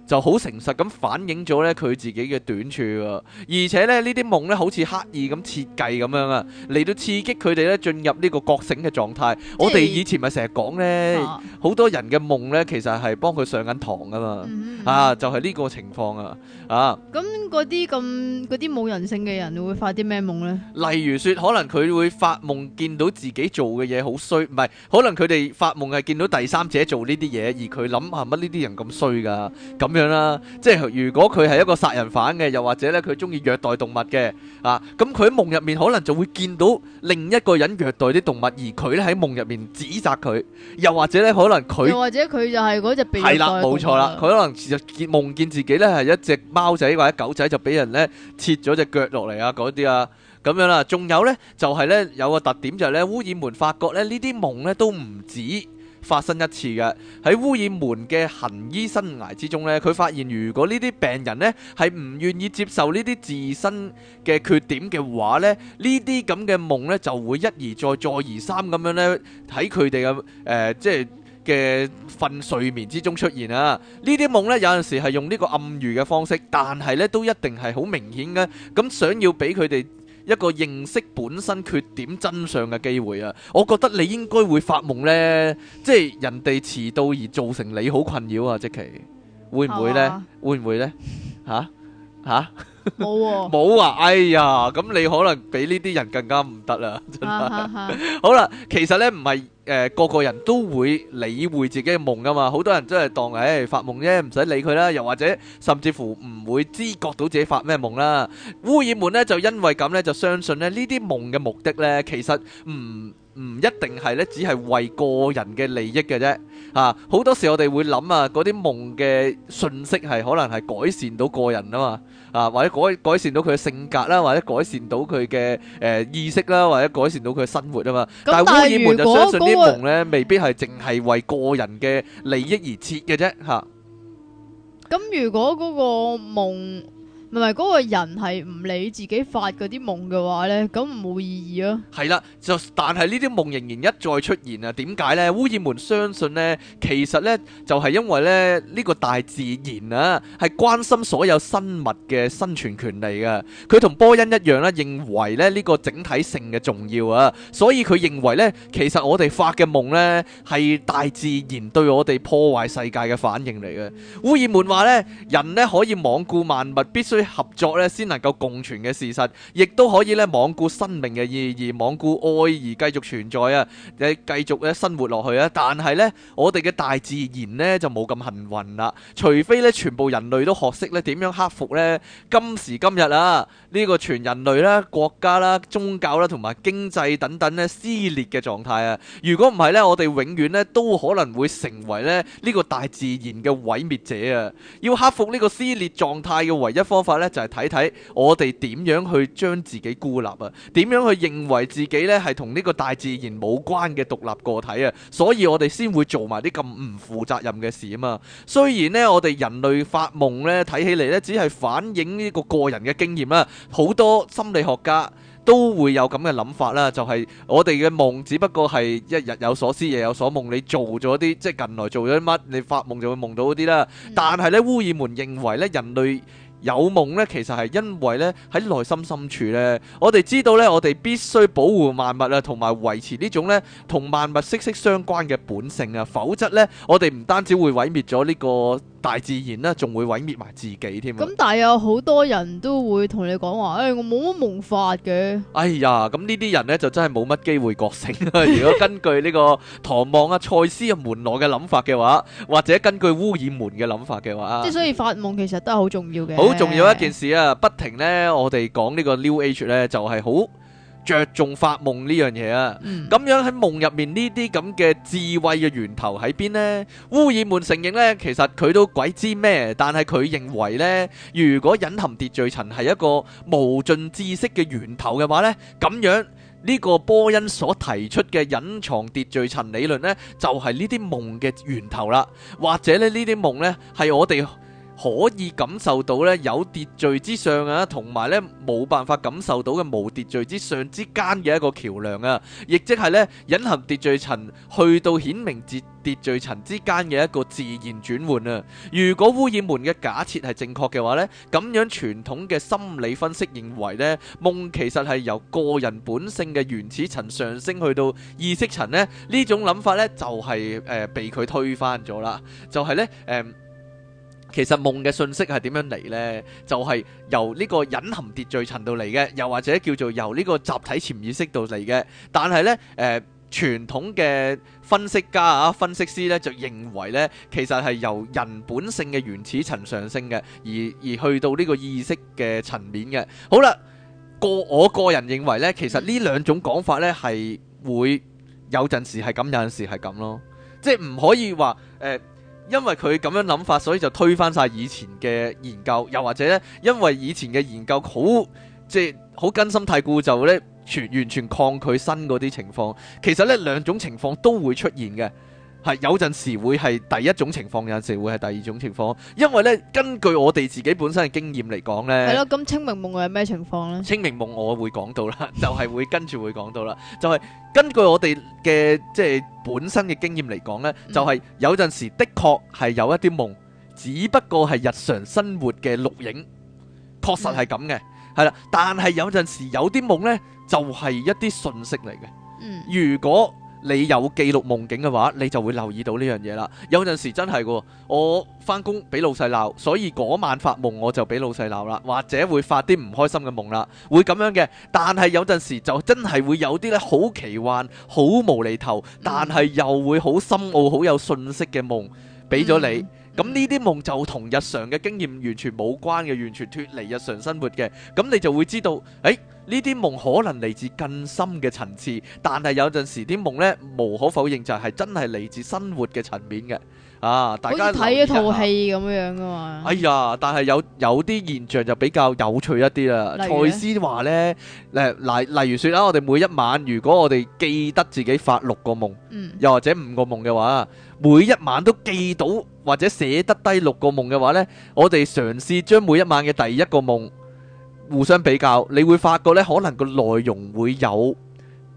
就好誠實咁反映咗咧佢自己嘅短處喎，而且咧呢啲夢咧好似刻意咁設計咁樣啊，嚟到刺激佢哋咧進入呢個覺醒嘅狀態。我哋以前咪成日講咧，好多人嘅夢咧其實係幫佢上緊堂噶嘛，啊就係呢個情況啊，啊咁嗰啲咁嗰啲冇人性嘅人會發啲咩夢咧？例如説，可能佢會發夢見到自己做嘅嘢好衰，唔係可能佢哋發夢係見到第三者做呢啲嘢，而佢諗係乜呢啲人咁衰噶咁樣。啦，即係如果佢係一個殺人犯嘅，又或者咧佢中意虐待動物嘅啊，咁佢喺夢入面可能就會見到另一個人虐待啲動物，而佢咧喺夢入面指責佢，又或者咧可能佢，又或者佢就係嗰隻被虐待。係啦，冇錯啦，佢可能其實夢見自己咧係一隻貓仔或者狗仔就俾人咧切咗隻腳落嚟啊，嗰啲啊，咁樣啦，仲有咧就係咧有個特點就係咧，烏爾門發覺咧呢啲夢咧都唔止。發生一次嘅。喺烏爾門嘅行醫生涯之中呢，佢發現如果呢啲病人呢係唔願意接受呢啲自身嘅缺點嘅話咧，呢啲咁嘅夢呢就會一而再、再而三咁樣呢喺佢哋嘅誒即係嘅瞓睡眠之中出現啊！呢啲夢呢有陣時係用呢個暗喻嘅方式，但係呢都一定係好明顯嘅，咁想要俾佢哋。一個認識本身缺點真相嘅機會啊！我覺得你應該會發夢呢，即係人哋遲到而造成你好困擾啊！即其會唔會呢？啊啊會唔會呢？吓、啊？嚇、啊？冇 *laughs* 啊！哎呀，咁你可能比呢啲人更加唔得啦，真係。 *laughs* *laughs* 好啦，其實呢唔係誒個個人都會理會自己嘅夢噶嘛，好多人真係當誒、欸、發夢啫，唔使理佢啦。又或者甚至乎唔會知覺到自己發咩夢啦。烏爾曼呢就因為咁呢，就相信呢呢啲夢嘅目的呢，其實唔。嗯唔一定係咧，只係為個人嘅利益嘅啫。啊，好多時我哋會諗啊，嗰啲夢嘅信息係可能係改善到個人啊嘛，啊或者改改善到佢嘅性格啦，或者改善到佢嘅誒意識啦，或者改善到佢嘅生活啊嘛。但係，烏爾門就相信啲夢咧，未必係淨係為個人嘅利益而設嘅啫。吓，咁如果嗰個夢，唔係嗰個人係唔理自己發嗰啲夢嘅話咧，咁冇意義咯。係啦，就但係呢啲夢仍然一再出現啊。點解咧？烏爾門相信咧，其實咧就係因為咧呢個大自然啊，係關心所有生物嘅生存權利嘅。佢同波恩一樣啦，認為咧呢個整體性嘅重要啊，所以佢認為咧，其實我哋發嘅夢咧係大自然對我哋破壞世界嘅反應嚟嘅。烏爾門話咧，人咧可以罔顧萬物，必須。合作咧，先能夠共存嘅事實，亦都可以咧，罔顧生命嘅意義，罔顧愛而繼續存在啊！你繼續咧生活落去啊！但係咧，我哋嘅大自然咧就冇咁幸運啦，除非咧全部人類都學識咧點樣克服咧今時今日啊呢個全人類啦、國家啦、宗教啦同埋經濟等等咧撕裂嘅狀態啊！如果唔係咧，我哋永遠咧都可能會成為咧呢個大自然嘅毀滅者啊！要克服呢個撕裂狀態嘅唯一方法，法咧就係睇睇我哋點樣去將自己孤立啊，點樣去認為自己咧係同呢個大自然冇關嘅獨立個體啊，所以我哋先會做埋啲咁唔負責任嘅事啊嘛。雖然咧我哋人類發夢咧睇起嚟咧只係反映呢個個人嘅經驗啦，好多心理學家都會有咁嘅諗法啦，就係我哋嘅夢只不過係一日有所思夜有所夢，你做咗啲即係近來做咗啲乜，你發夢就會夢到嗰啲啦。但係咧，烏爾門認為咧人類。有夢呢，其實係因為呢，喺內心深處呢，我哋知道呢，我哋必須保護萬物啊，同埋維持呢種呢，同萬物息息相關嘅本性啊，否則呢，我哋唔單止會毀滅咗呢個。大自然咧，仲會毀滅埋自己添。咁但係有好多人都會同你講話，誒、哎，我冇乜夢法嘅。哎呀，咁呢啲人呢，就真係冇乜機會覺醒啦。 *laughs* 如果根據呢個唐望啊、塞斯啊、門羅嘅諗法嘅話，或者根據烏爾門嘅諗法嘅話，即係所以發夢其實都係好重要嘅。好重要一件事啊！不停呢，我哋講呢個 New Age 咧，就係、是、好。着重發夢呢樣嘢啊，咁樣喺夢入面呢啲咁嘅智慧嘅源頭喺邊呢？烏爾門承認呢，其實佢都鬼知咩，但係佢認為呢，如果隱含秩序層係一個無盡知識嘅源頭嘅話呢，咁樣呢個波恩所提出嘅隱藏秩序層理論呢，就係呢啲夢嘅源頭啦，或者呢呢啲夢呢，係我哋。可以感受到咧有秩序之上啊，同埋咧冇辦法感受到嘅無秩序之上之間嘅一個橋樑啊，亦即係咧隱含秩序層去到顯明至秩序層之間嘅一個自然轉換啊。如果污染門嘅假設係正確嘅話咧，咁樣傳統嘅心理分析認為咧夢其實係由個人本性嘅原始層上升去到意識層咧，呢種諗法咧就係誒被佢推翻咗啦，就係咧誒。其實夢嘅信息係點樣嚟呢？就係、是、由呢個隱含秩序層度嚟嘅，又或者叫做由呢個集體潛意識度嚟嘅。但係呢，誒、呃、傳統嘅分析家啊、分析師呢，就認為呢，其實係由人本性嘅原始層上升嘅，而而去到呢個意識嘅層面嘅。好啦，個我個人認為呢，其實呢兩種講法呢，係會有陣時係咁，有陣時係咁咯，即係唔可以話誒。呃因為佢咁樣諗法，所以就推翻晒以前嘅研究，又或者咧，因為以前嘅研究好即係好根深蒂固，就咧全完全抗拒新嗰啲情況。其實咧，兩種情況都會出現嘅。係有陣時會係第一種情況，有陣時會係第二種情況，因為呢，根據我哋自己本身嘅經驗嚟講呢，係咯。咁清明夢係咩情況呢？清明夢我會講到啦，就係會跟住會講到啦。就係根據我哋嘅即係本身嘅經驗嚟講呢，就係有陣時的確係有一啲夢，只不過係日常生活嘅錄影，確實係咁嘅，係啦。但係有陣時有啲夢呢，就係一啲信息嚟嘅。嗯，如果。你有記錄夢境嘅話，你就會留意到呢樣嘢啦。有陣時真係嘅，我返工俾老細鬧，所以嗰晚發夢我就俾老細鬧啦，或者會發啲唔開心嘅夢啦，會咁樣嘅。但係有陣時就真係會有啲咧好奇幻、好無厘頭，但係又會好深奧、好有訊息嘅夢俾咗你。咁呢啲夢就同日常嘅經驗完全冇關嘅，完全脫離日常生活嘅。咁你就會知道，誒、欸。呢啲夢可能嚟自更深嘅層次，但係有陣時啲夢呢，無可否認就係真係嚟自生活嘅層面嘅。啊，大家好似睇一套戲咁樣嘅嘛。哎呀，但係有有啲現象就比較有趣一啲啦。蔡思話呢，例例如說啊，我哋每一晚如果我哋記得自己發六個夢，嗯、又或者五個夢嘅話，每一晚都記到或者寫得低六個夢嘅話呢，我哋嘗試將每一晚嘅第一個夢。互相比較，你會發覺咧，可能個內容會有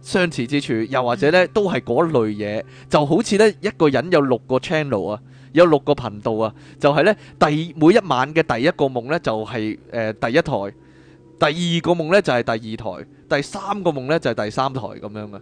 相似之處，又或者咧，都係嗰類嘢。就好似咧，一個人有六個 channel 啊，有六個頻道啊，就係咧，第每一晚嘅第一個夢咧，就係誒第一台；第二個夢咧，就係第二台；第三個夢咧，就係第三台咁樣嘅。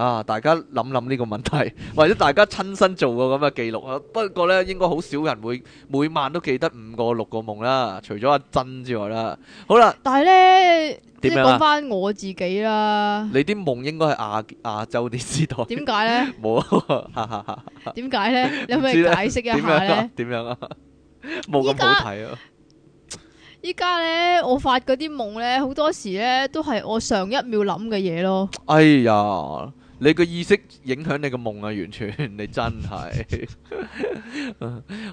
啊！大家諗諗呢個問題，或者大家親身做過咁嘅記錄啊。不過咧，應該好少人會每晚都記得五個六個夢啦。除咗阿珍之外啦，好啦。但係咧，即係講翻我自己啦。你啲夢應該係亞亞洲啲時代。點解咧？冇啊！哈哈哈。點解咧？有冇人解釋一下咧？點樣啊？冇咁好睇咯。依家咧，我發嗰啲夢咧，好多時咧都係我上一秒諗嘅嘢咯。哎呀！你個意識影響你個夢啊！完全，你真係 *laughs*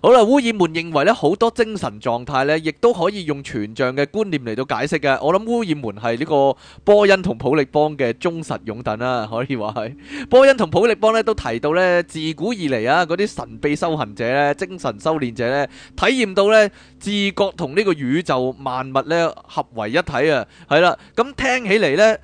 好啦。烏爾門認為咧，好多精神狀態呢，亦都可以用全像嘅觀念嚟到解釋嘅。我諗烏爾門係呢個波恩同普力邦嘅忠實擁躉啦，可以話係。波恩同普力邦呢都提到呢，自古以嚟啊，嗰啲神秘修行者咧、精神修練者呢，體驗到呢，自覺同呢個宇宙萬物呢合為一體啊。係啦，咁聽起嚟呢。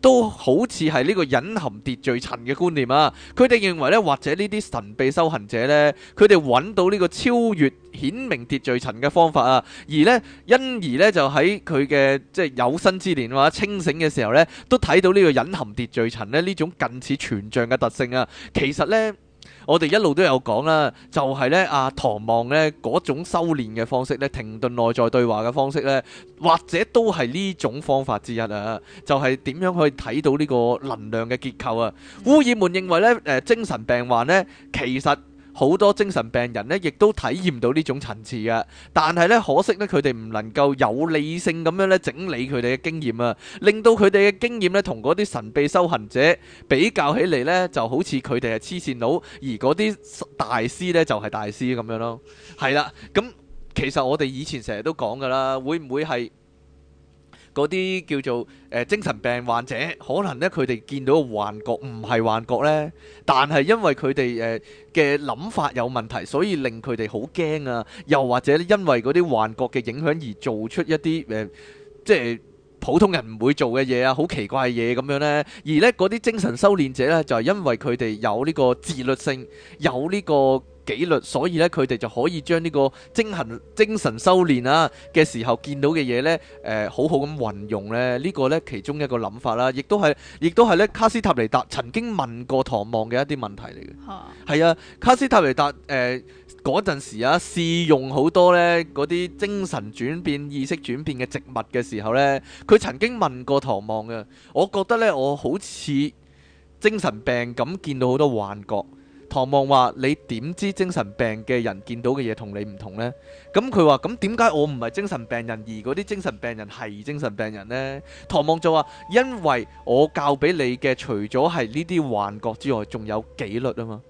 都好似係呢個隱含秩序層嘅觀念啊！佢哋認為呢，或者呢啲神秘修行者呢，佢哋揾到呢個超越顯明秩序層嘅方法啊，而呢，因而呢，就喺佢嘅即係有生之年話、啊、清醒嘅時候呢，都睇到呢個隱含秩序層呢，呢種近似全像嘅特性啊！其實呢。我哋一路都有講啦，就係咧阿唐望咧嗰種修練嘅方式咧，停頓內在對話嘅方式咧，或者都係呢種方法之一啊，就係、是、點樣去睇到呢個能量嘅結構啊？烏爾們認為咧，誒精神病患咧其實。好多精神病人呢，亦都體驗到呢種層次嘅，但係呢，可惜呢，佢哋唔能夠有理性咁樣呢整理佢哋嘅經驗啊，令到佢哋嘅經驗呢，同嗰啲神秘修行者比較起嚟呢，就好似佢哋係黐線佬，而嗰啲大師呢，就係大師咁樣咯。係啦，咁其實我哋以前成日都講噶啦，會唔會係？嗰啲叫做誒精神病患者，可能咧佢哋見到幻覺唔係幻覺咧，但係因為佢哋誒嘅諗法有問題，所以令佢哋好驚啊！又或者因為嗰啲幻覺嘅影響而做出一啲誒，即係普通人唔會做嘅嘢啊，好奇怪嘅嘢咁樣咧。而咧嗰啲精神修煉者咧，就係因為佢哋有呢個自律性，有呢個。紀律，所以咧佢哋就可以將呢個精神精神修練啊嘅時候見到嘅嘢呢，誒、呃、好好咁運用咧，呢、這個呢其中一個諗法啦，亦都係亦都係咧卡斯塔尼達曾經問過唐望嘅一啲問題嚟嘅。係啊，啊，卡斯塔尼達誒嗰陣時啊試用好多呢嗰啲精神轉變意識轉變嘅植物嘅時候呢，佢曾經問過唐望嘅，我覺得呢，我好似精神病咁見到好多幻覺。唐望話：你點知精神病嘅人見到嘅嘢，同你唔同呢？」咁佢話：咁點解我唔係精神病人，而嗰啲精神病人係精神病人呢？」唐望就話：因為我教俾你嘅，除咗係呢啲幻覺之外，仲有紀律啊嘛，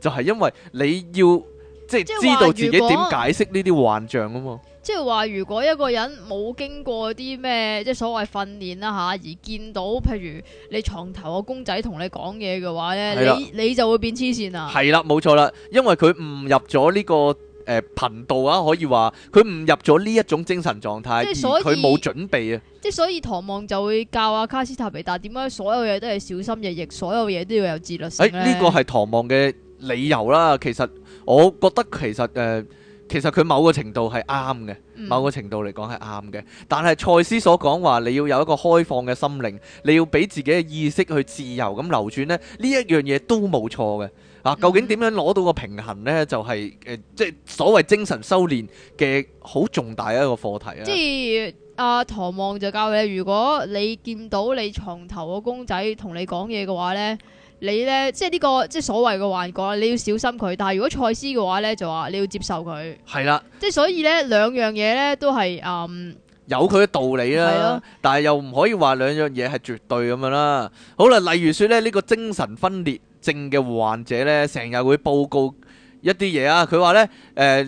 就係因為你要即係知道自己點解釋呢啲幻象啊嘛。即係話，如果一個人冇經過啲咩，即係所謂訓練啦吓，而見到譬如你床頭個公仔同你講嘢嘅話咧，了你你就會變黐線啦。係啦，冇錯啦，因為佢誤入咗呢、這個誒頻、呃、道啊，可以話佢誤入咗呢一種精神狀態，即係所以佢冇準備啊。即係所以，唐望就會教阿、啊、卡斯塔皮達點解所有嘢都係小心翼翼，所有嘢都要有自律性。誒、哎、呢、這個係唐望嘅理由啦。其實我覺得其實誒。呃其實佢某個程度係啱嘅，某個程度嚟講係啱嘅。但係蔡司所講話，你要有一個開放嘅心靈，你要俾自己嘅意識去自由咁流轉呢，呢一樣嘢都冇錯嘅。啊，究竟點樣攞到個平衡呢？就係、是、誒、呃，即係所謂精神修練嘅好重大一個課題啦、啊。即係阿唐望就教你，如果你見到你床頭個公仔同你講嘢嘅話呢。你呢，即係呢、這個即係所謂嘅幻覺，你要小心佢。但係如果賽斯嘅話呢，就話你要接受佢。係啦，即係所以呢，兩樣嘢呢都係嗯有佢嘅道理啦。是的 但係又唔可以話兩樣嘢係絕對咁樣啦。好啦，例如說呢，呢、這個精神分裂症嘅患者呢，成日會報告一啲嘢啊。佢話呢，誒、呃，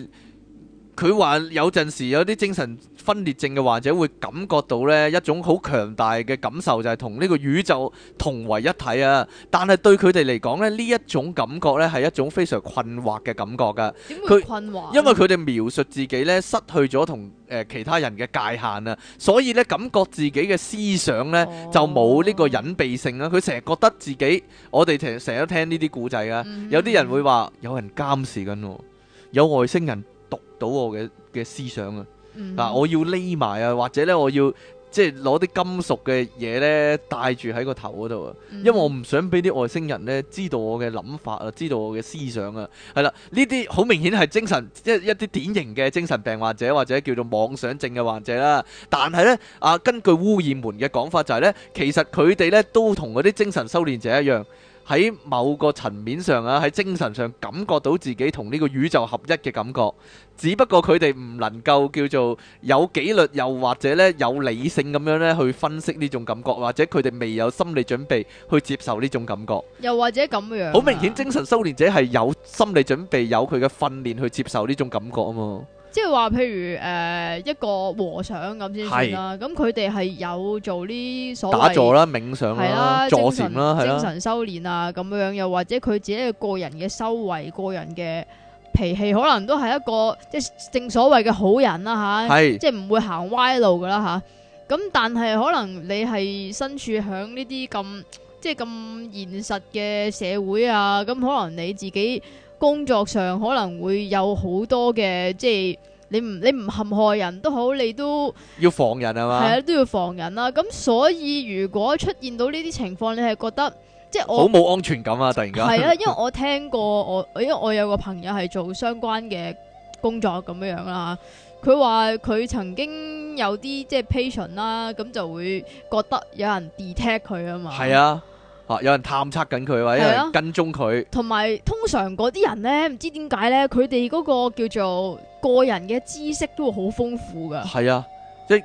佢話有陣時有啲精神。分裂症嘅患者會感覺到咧一種好強大嘅感受，就係同呢個宇宙同為一體啊。但係對佢哋嚟講咧，呢一種感覺咧係一種非常困惑嘅感覺噶。點會困惑？佢，因為佢哋描述自己咧失去咗同誒其他人嘅界限啊，所以咧感覺自己嘅思想咧就冇呢個隱蔽性啦。佢成日覺得自己我哋成成日都聽呢啲古仔噶，有啲人會話有人監視緊我，有外星人讀到我嘅嘅思想啊。嗱、啊，我要匿埋啊，或者咧，我要即係攞啲金屬嘅嘢咧戴住喺個頭嗰度啊，因為我唔想俾啲外星人咧知道我嘅諗法啊，知道我嘅思想啊，係啦，呢啲好明顯係精神一一啲典型嘅精神病患者或者叫做妄想症嘅患者啦，但係咧啊，根據烏爾門嘅講法就係、是、咧，其實佢哋咧都同嗰啲精神修煉者一樣。喺某個層面上啊，喺精神上感覺到自己同呢個宇宙合一嘅感覺，只不過佢哋唔能夠叫做有紀律，又或者呢有理性咁樣呢去分析呢種感覺，或者佢哋未有心理準備去接受呢種感覺，又或者咁樣、啊。好明顯，精神修煉者係有心理準備，有佢嘅訓練去接受呢種感覺啊嘛。即係話，譬如誒、呃，一個和尚咁先算啦，咁佢哋係有做呢所謂打坐啦、冥想啦、啊、坐禪啦、精神修煉啊，咁、啊啊、樣，又或者佢自己個人嘅修為、個人嘅脾氣，可能都係一個即係、就是、正所謂嘅好人啦、啊，吓是，即係唔會行歪路噶啦、啊，吓。咁但係可能你係身處響呢啲咁即係咁現實嘅社會啊，咁可能你自己。工作上可能會有好多嘅，即係你唔你唔陷害人都好，你都要防人啊嘛。係啊，都要防人啦、啊。咁所以如果出現到呢啲情況，你係覺得即係我好冇安全感啊！突然間係啊，因為我聽過 *laughs* 我，因為我有個朋友係做相關嘅工作咁樣啦、啊。佢話佢曾經有啲即係 patient 啦，咁就會覺得有人 detect 佢啊嘛。係啊。啊！有人探測緊佢，或者係跟蹤佢，同埋通常嗰啲人呢，唔知點解呢，佢哋嗰個叫做個人嘅知識都會好豐富噶。係啊，即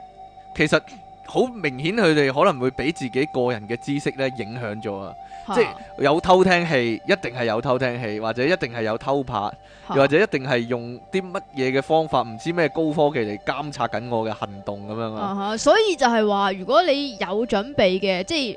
其實好明顯，佢哋可能會俾自己個人嘅知識呢影響咗啊！即有偷聽器，一定係有偷聽器，或者一定係有偷拍，又、啊、或者一定係用啲乜嘢嘅方法，唔知咩高科技嚟監察緊我嘅行動咁樣啊！所以就係話，如果你有準備嘅，即係。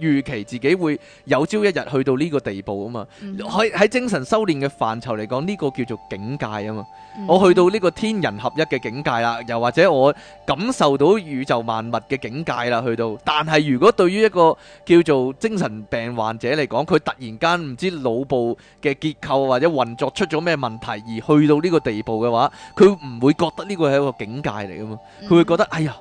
預期自己會有朝一日去到呢個地步啊嘛，喺喺、mm hmm. 精神修煉嘅範疇嚟講，呢個叫做境界啊嘛。我去到呢個天人合一嘅境界啦，又或者我感受到宇宙萬物嘅境界啦，去到。但係如果對於一個叫做精神病患者嚟講，佢突然間唔知腦部嘅結構或者運作出咗咩問題，而去到呢個地步嘅話，佢唔會覺得呢個係一個境界嚟啊嘛，佢會覺得、mm hmm. 哎呀。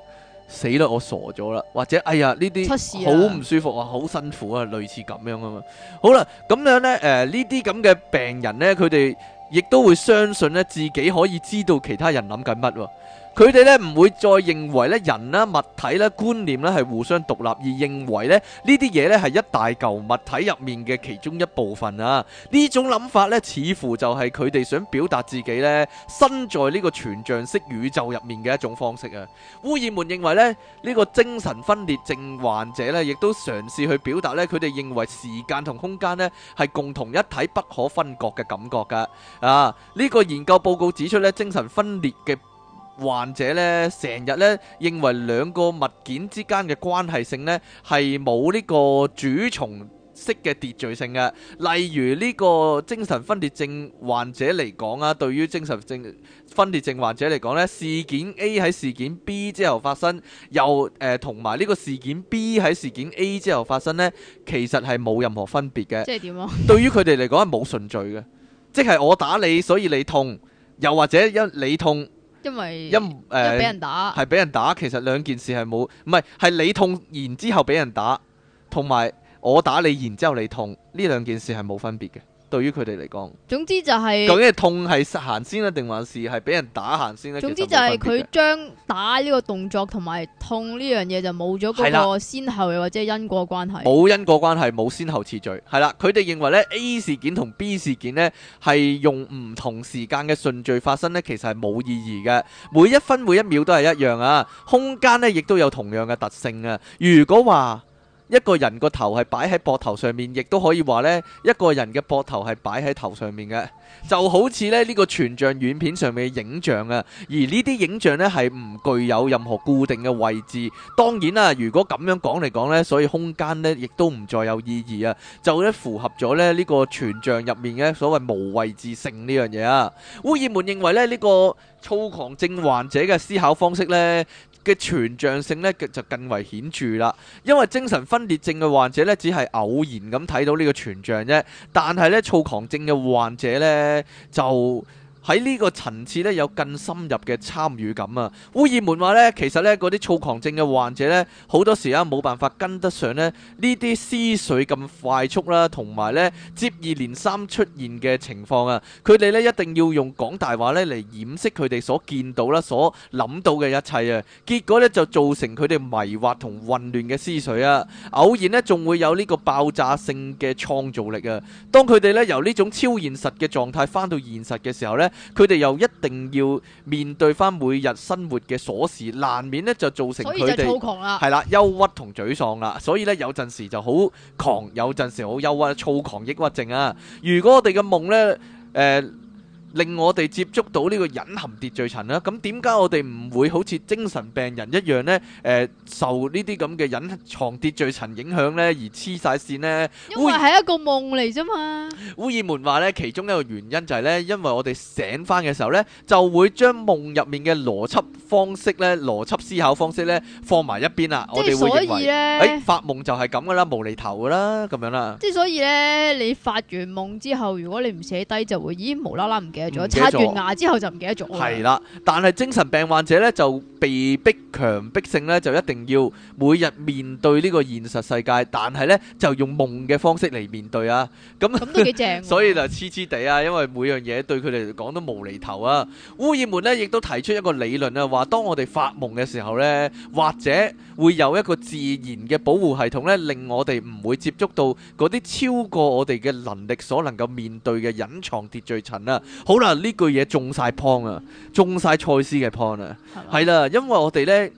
死啦！我傻咗啦，或者哎呀呢啲好唔舒服，啊，好辛苦啊，類似咁樣啊嘛。好啦，咁樣呢，誒呢啲咁嘅病人呢，佢哋亦都會相信呢，自己可以知道其他人諗緊乜。佢哋咧唔會再認為咧人啦、物體啦、觀念咧係互相獨立，而認為咧呢啲嘢咧係一大嚿物體入面嘅其中一部分啊。呢種諗法咧，似乎就係佢哋想表達自己咧身在呢個全像式宇宙入面嘅一種方式啊。烏爾們認為咧呢個精神分裂症患者咧，亦都嘗試去表達咧佢哋認為時間同空間咧係共同一體、不可分割嘅感覺噶啊。呢個研究報告指出咧，精神分裂嘅。患者咧成日咧認為兩個物件之間嘅關係性呢，係冇呢個主從式嘅秩序性嘅。例如呢個精神分裂症患者嚟講啊，對於精神症分裂症患者嚟講呢，事件 A 喺事件 B 之後發生，又誒同埋呢個事件 B 喺事件 A 之後發生呢，其實係冇任何分別嘅。 *laughs* 即係點啊？對於佢哋嚟講係冇順序嘅，即係我打你，所以你痛；又或者因你痛。因為因，誒，呃，俾人打，係俾人打，其實兩件事係冇，唔係，係你痛然之後俾人打，同埋我打你然之後你痛，呢兩件事係冇分別嘅。對於佢哋嚟講，總之就係、係、究竟係痛係實行先咧，定還是係俾人打行先呢？總之就係佢將打呢個動作同埋痛呢樣嘢就冇咗嗰個先後，或者因果關係。冇因果關係，冇先後次序，係啦。佢哋認為呢 A 事件同 B 事件呢，係用唔同時間嘅順序發生呢，其實係冇意義嘅。每一分每一秒都係一樣啊。空間呢亦都有同樣嘅特性啊。如果話，一個人個頭係擺喺膊頭上面，亦都可以話呢，一個人嘅膊頭係擺喺頭上面嘅，就好似咧呢個全像軟片上面嘅影像啊。而呢啲影像呢，係唔具有任何固定嘅位置。當然啦，如果咁樣講嚟講呢，所以空間呢亦都唔再有意義啊。就咧符合咗咧呢個全像入面嘅所謂無位置性呢樣嘢啊。烏爾門認為呢，呢個躁狂症患者嘅思考方式呢，嘅全像性咧就更為顯著啦，因為精神分裂症嘅患者咧只係偶然咁睇到呢個全像啫，但係咧躁狂症嘅患者咧就。喺呢個層次咧，有更深入嘅參與感啊！烏爾門話咧，其實咧啲躁狂症嘅患者咧，好多時啊冇辦法跟得上咧呢啲思緒咁快速啦，同埋咧接二連三出現嘅情況啊，佢哋咧一定要用講大話咧嚟掩飾佢哋所見到啦、所諗到嘅一切啊，結果咧就造成佢哋迷惑同混亂嘅思緒啊！偶然咧仲會有呢個爆炸性嘅創造力啊！當佢哋咧由呢種超現實嘅狀態返到現實嘅時候咧，佢哋又一定要面對返每日生活嘅瑣事，難免呢就造成佢哋係啦憂鬱同沮喪啦。所以呢，有陣時就好狂，有陣時好憂鬱、躁狂、抑鬱症啊。如果我哋嘅夢呢，誒、呃。令我哋接觸到呢個隱含秩序層啦，咁點解我哋唔會好似精神病人一樣咧？誒，受呢啲咁嘅隱藏秩序層影響咧，而黐曬線咧？因為係一個夢嚟啫嘛。烏爾門話咧，其中一個原因就係咧，因為我哋醒翻嘅時候咧，就會將夢入面嘅邏輯方式咧、邏輯思考方式咧放埋一邊啦。我哋會認為，誒發夢就係咁噶啦，無厘頭噶啦，咁樣啦。即係所以咧，你發完夢之後，如果你唔寫低，就會咦無啦啦唔記。刷完牙之後就唔記得咗。係啦，但係精神病患者咧就被逼強迫性咧就一定要每日面對呢個現實世界，但係咧就用夢嘅方式嚟面對啊。咁咁都幾正。所以嗱，痴痴地啊，因為每樣嘢對佢哋嚟講都無厘頭啊。烏爾門咧亦都提出一個理論啊，話當我哋發夢嘅時候咧，或者。會有一個自然嘅保護系統咧，令我哋唔會接觸到嗰啲超過我哋嘅能力所能夠面對嘅隱藏秩序層、啊、啦。好啦，呢句嘢中晒 point 啊，中晒賽斯嘅 point 啦，係啦，因為我哋呢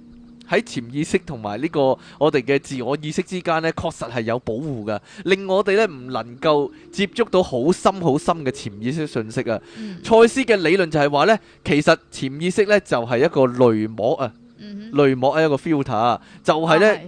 喺潛意識同埋呢個我哋嘅自我意識之間咧，確實係有保護嘅，令我哋呢唔能夠接觸到好深好深嘅潛意識信息啊。賽、嗯、斯嘅理論就係話呢，其實潛意識呢就係、是、一個雷膜啊。濾膜係一個 filter，就係呢。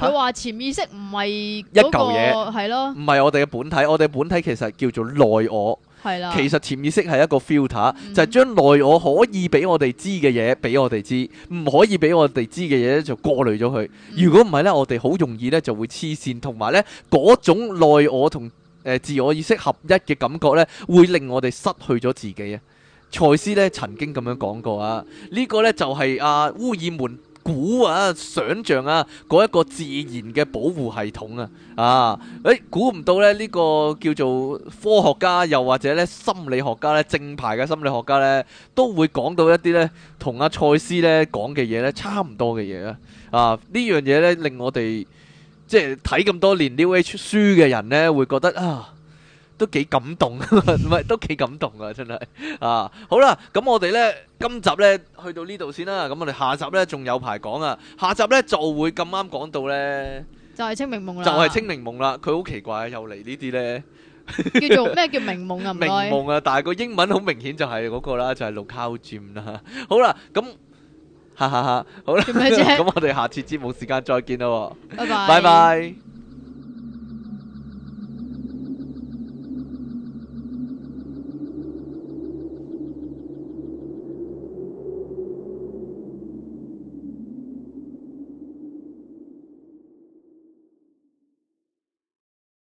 佢話潛意識唔係、那個、一嚿嘢，係咯的，唔係我哋嘅本體，我哋嘅本體其實叫做內我，的其實潛意識係一個 filter，的就係將內我可以俾我哋知嘅嘢俾我哋知，唔可以俾我哋知嘅嘢就過濾咗佢。如果唔係呢，我哋好容易呢就會黐線，同埋呢，嗰種內我同誒自我意識合一嘅感覺呢，會令我哋失去咗自己啊。蔡司咧曾經咁樣講過啊，呢、這個呢，就係、是、阿、啊、烏爾門估啊、想象啊嗰一個自然嘅保護系統啊，啊，誒、欸、估唔到呢，呢、這個叫做科學家，又或者呢心理學家咧正牌嘅心理學家呢，都會講到一啲呢同阿蔡司呢講嘅嘢呢差唔多嘅嘢啊，啊呢樣嘢呢，令我哋即係睇咁多年 New Age 書嘅人呢，會覺得啊～都幾感動，唔係都幾感動啊！真係啊，好啦，咁我哋呢今集呢去到呢度先啦。咁我哋下集呢仲有排講啊，下集呢就會咁啱講到呢，就係清明夢啦，就係清明夢啦。佢好奇怪啊，又嚟呢啲呢，叫做咩叫明夢啊？明夢啊，但係個英文好明顯就係嗰個啦，就係 Lucid Dream 啦。好啦，咁哈哈哈，好啦，咁我哋下次節目時間再見啦，拜拜，拜拜。